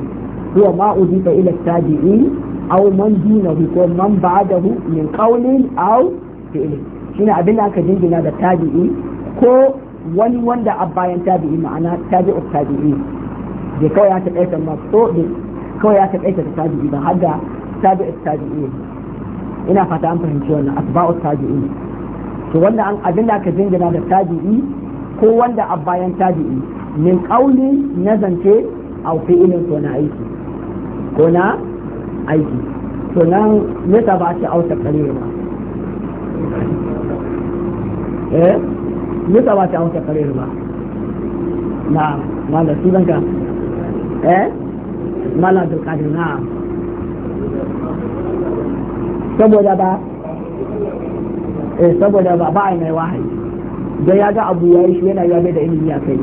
huwa ma ujiba ila in aw man dunahu ko man ba'dahu min qawlin aw fi'li shine abin da aka jingina da in ko wani wanda a bayan tabi'i ma'ana tabi'u tabi'i da kawai ya taƙaita masu da kawai ya taƙaita ta tabi'i ba har da tabi'u tabi'i ina fata an fahimci wannan asba'u tabi'i to wanda an abin da aka jingina da tabi'i ko wanda a bayan tabi'i min ƙauli na zance a fi'ilin ko na aiki ko na aiki to nan nesa ba a ce auta ƙarira ba eh? me ba ta amsa karir ba na malam sunan ka eh malam abdul qadir na saboda ba eh saboda ba ba ai mai wahayi dan ya ga abu yayi shi yana yabe da ilimi ya kai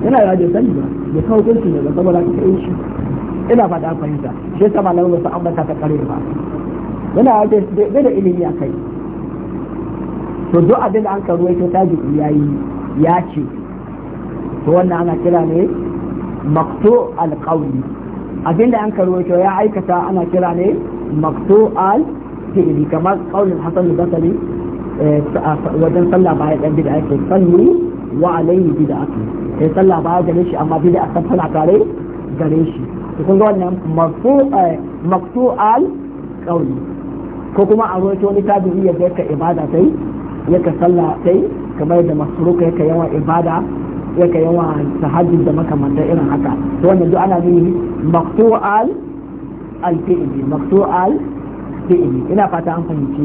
yana yawa da sani ba da kawo kunci ne ba saboda ka kai shi ina fata fahimta shi yasa malamai ba su ambata ta karir ba yana yawa da ilimi ya kai to duk abin da an ka ta ji ya yi ya ce to wannan ana kira ne maktu alqawli abin da an ka ya aikata ana kira ne maktu al fi'li kamar qaulin hasan da basri eh, wajen sallah baya ɗan bid'a ake sallu wa alayhi ake eh, sai sallah baya gare shi amma bid'a san tana tare gare shi to kun ga wannan maktu eh, al ko kuma a ni wani tabi'i ya ka ibada sai yaka sallah dai kamar da masruka yaka yawa ibada yaka yawa tahajjud da makamanta irin haka to wannan duk ana nuni maqtu'al al fil maqtu'al fi'l ina fata an fahimci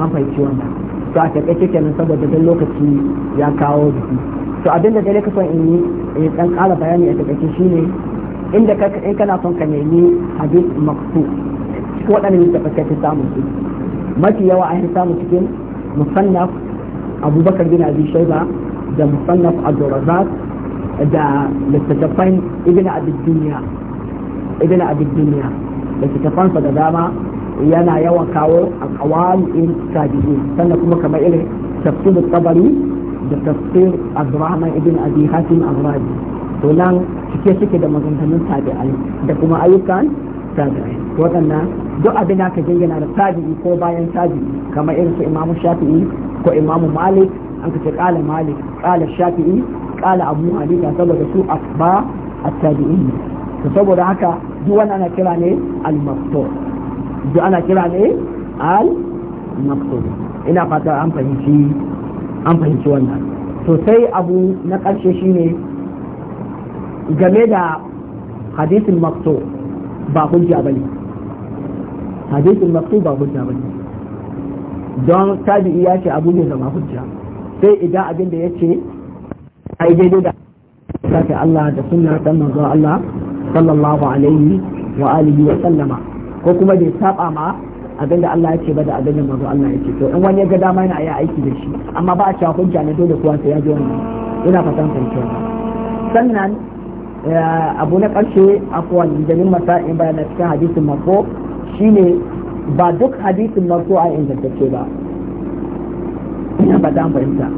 an fahimci wannan to a takaice kenan saboda dan lokaci ya kawo jiki to abin da dai kasan in yi dan kara bayani a takaice shine inda ka in kana son ka nemi hadith maqtu waɗannan da ka samu su mafi yawa an samu cikin musannaf abubakar bin abi shaiba da musannaf abdurrazak da littattafan ibn abi duniya ibn abi da dama yana yawan kawo a kawali in tabi'in sannan kuma kamar irin tafsir tabari da tafsir abdurrahman ibn abi hatim abraji to nan cike suke da maganganun tabi'ai da kuma ayyukan tabi'ai waɗannan duk abin da ka jingina da tabi'i ko bayan tabi'i kamar irin su imamu shafi'i ko imamu malik an kace kala malik kala shafi'i kala abu hanifa saboda su asba at-tabi'in to saboda haka duk wannan ana kira ne al-maqtur duk ana kira ne al-maqtur ina fata an fahimci an fahimci wannan to sai abu na karshe shine game da hadisin maqtur ba hujja bane hadisin maqtu ba hujja ba don tabi'i ya ce abu ne zama hujja sai idan abin da yace ai daidai da sai Allah da sunna ta manzo Allah sallallahu alaihi wa alihi wa sallama ko kuma da saba ma abinda Allah ya ce ba da abinda manzo Allah ya ce to in wani ya ga dama yana yi aiki da shi amma ba a cewa hujja ne dole kuwa sai ya ji wannan ina fatan sannan eh, abu na karshe akwai jalin masa'in bayan cikin hadisin mako shine ba duk hadisin marfu a ingantacce ba ina ba dan fahimta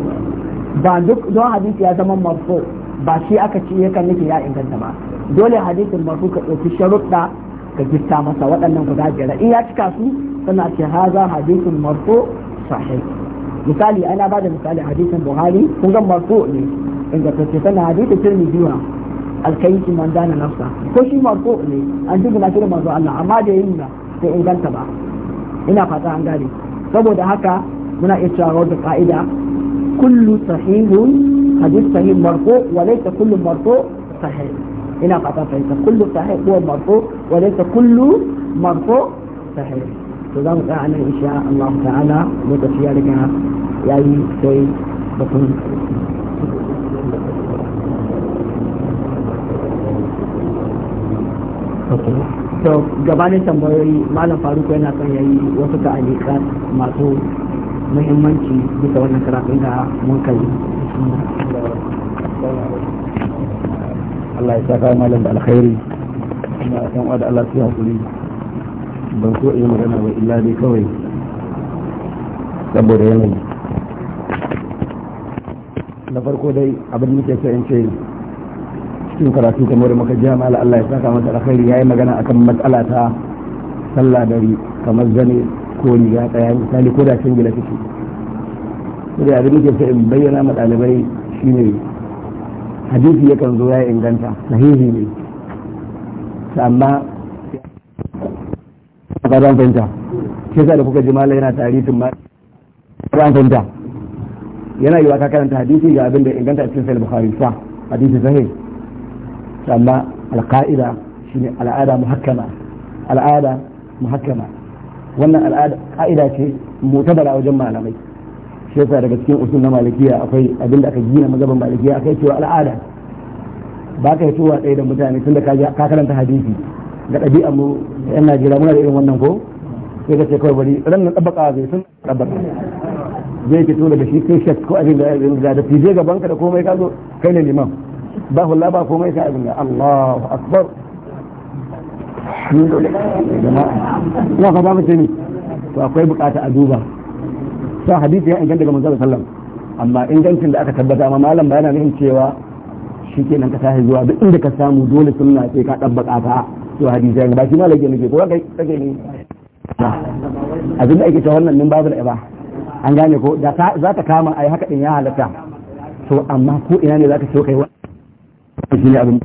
ba duk don hadisi ya zama marfu ba shi aka ce yakan nufi ya inganta ba dole hadisin marfu ka ɗauki sharuɗa ka gitta masa waɗannan guda biyar in ya cika su suna ce haza hadisin marfu sahih misali ana ba da misali hadisin buhari kun ga marfu ne ingantacce sannan hadisin tirmidhi alkayi man dana nafsa ko shi marfu ne an duk na kira manzo Allah amma da yin sai in ganta ba ina fata an gane saboda haka muna iya cewa wata ka'ida kullu sahihun hadith sahih marfu wa laysa kullu marfu sahih ina fata fahimta kullu sahih huwa marfu wa laysa kullu marfu sahih to za mu tsaya nan insha Allah ta'ala lokaci ya riga yayi sai batun Okay. to gabanin tambayoyi malam faruku yana son yayi wasu ta'alika masu muhimmanci bisa wannan karatun da mun kai Allah ya saka malam da alkhairi ina san wa da Allah su hakuri ban so in magana ba illa dai kawai saboda yanayi na farko dai abin da nake so in ce cikin karatu kamar da muka jiya mala Allah ya saka mata alkhairi yayi magana akan matsala ta sallah dari kamar zane ko riga tsaya misali ko da cin gila kike to da abin da ke in bayyana ma dalibai shine hadisi ya kan zo ya inganta sahihi ne amma ba ran fahimta shi da kuka ji mala yana tarihin ma ran fanta yana yiwa ka karanta hadisi ga abin da inganta cikin sahih bukhari fa hadisi sahih amma alƙa'ida shine al'ada muhakkama al'ada muhakkama wannan al'ada ƙa'ida ce mutabara wajen malamai shi yasa daga cikin usul na malikiya akwai abin da aka gina mazhaban malikiya akai cewa al'ada ba ka yi tuwa ɗaya da mutane tun da ka karanta hadisi ga ɗabi'a mu yan Najeriya muna da irin wannan ko sai ka ce kawai bari ran nan tabbaka zai sun tabbaka zai fito daga shi kai shek ko abin da ya da fije gaban ka da komai ka zo kai ne liman ba hula ba komai sai abin da Allahu akbar na fata mace ne to akwai bukata a duba sa hadisi ya inganta ga manzon sallam amma ingancin da aka tabbata ma malam bayana ne cewa shikenan ka tashi zuwa duk inda ka samu dole sunna sai ka dabbaka ta to hadisi ba shi malaki ne ko kai kake ne abin da ake cewa wannan min babu da ba an gane ko da za ta kama ai haka din ya halatta to amma ko ina ne za ka so kai shi ne abin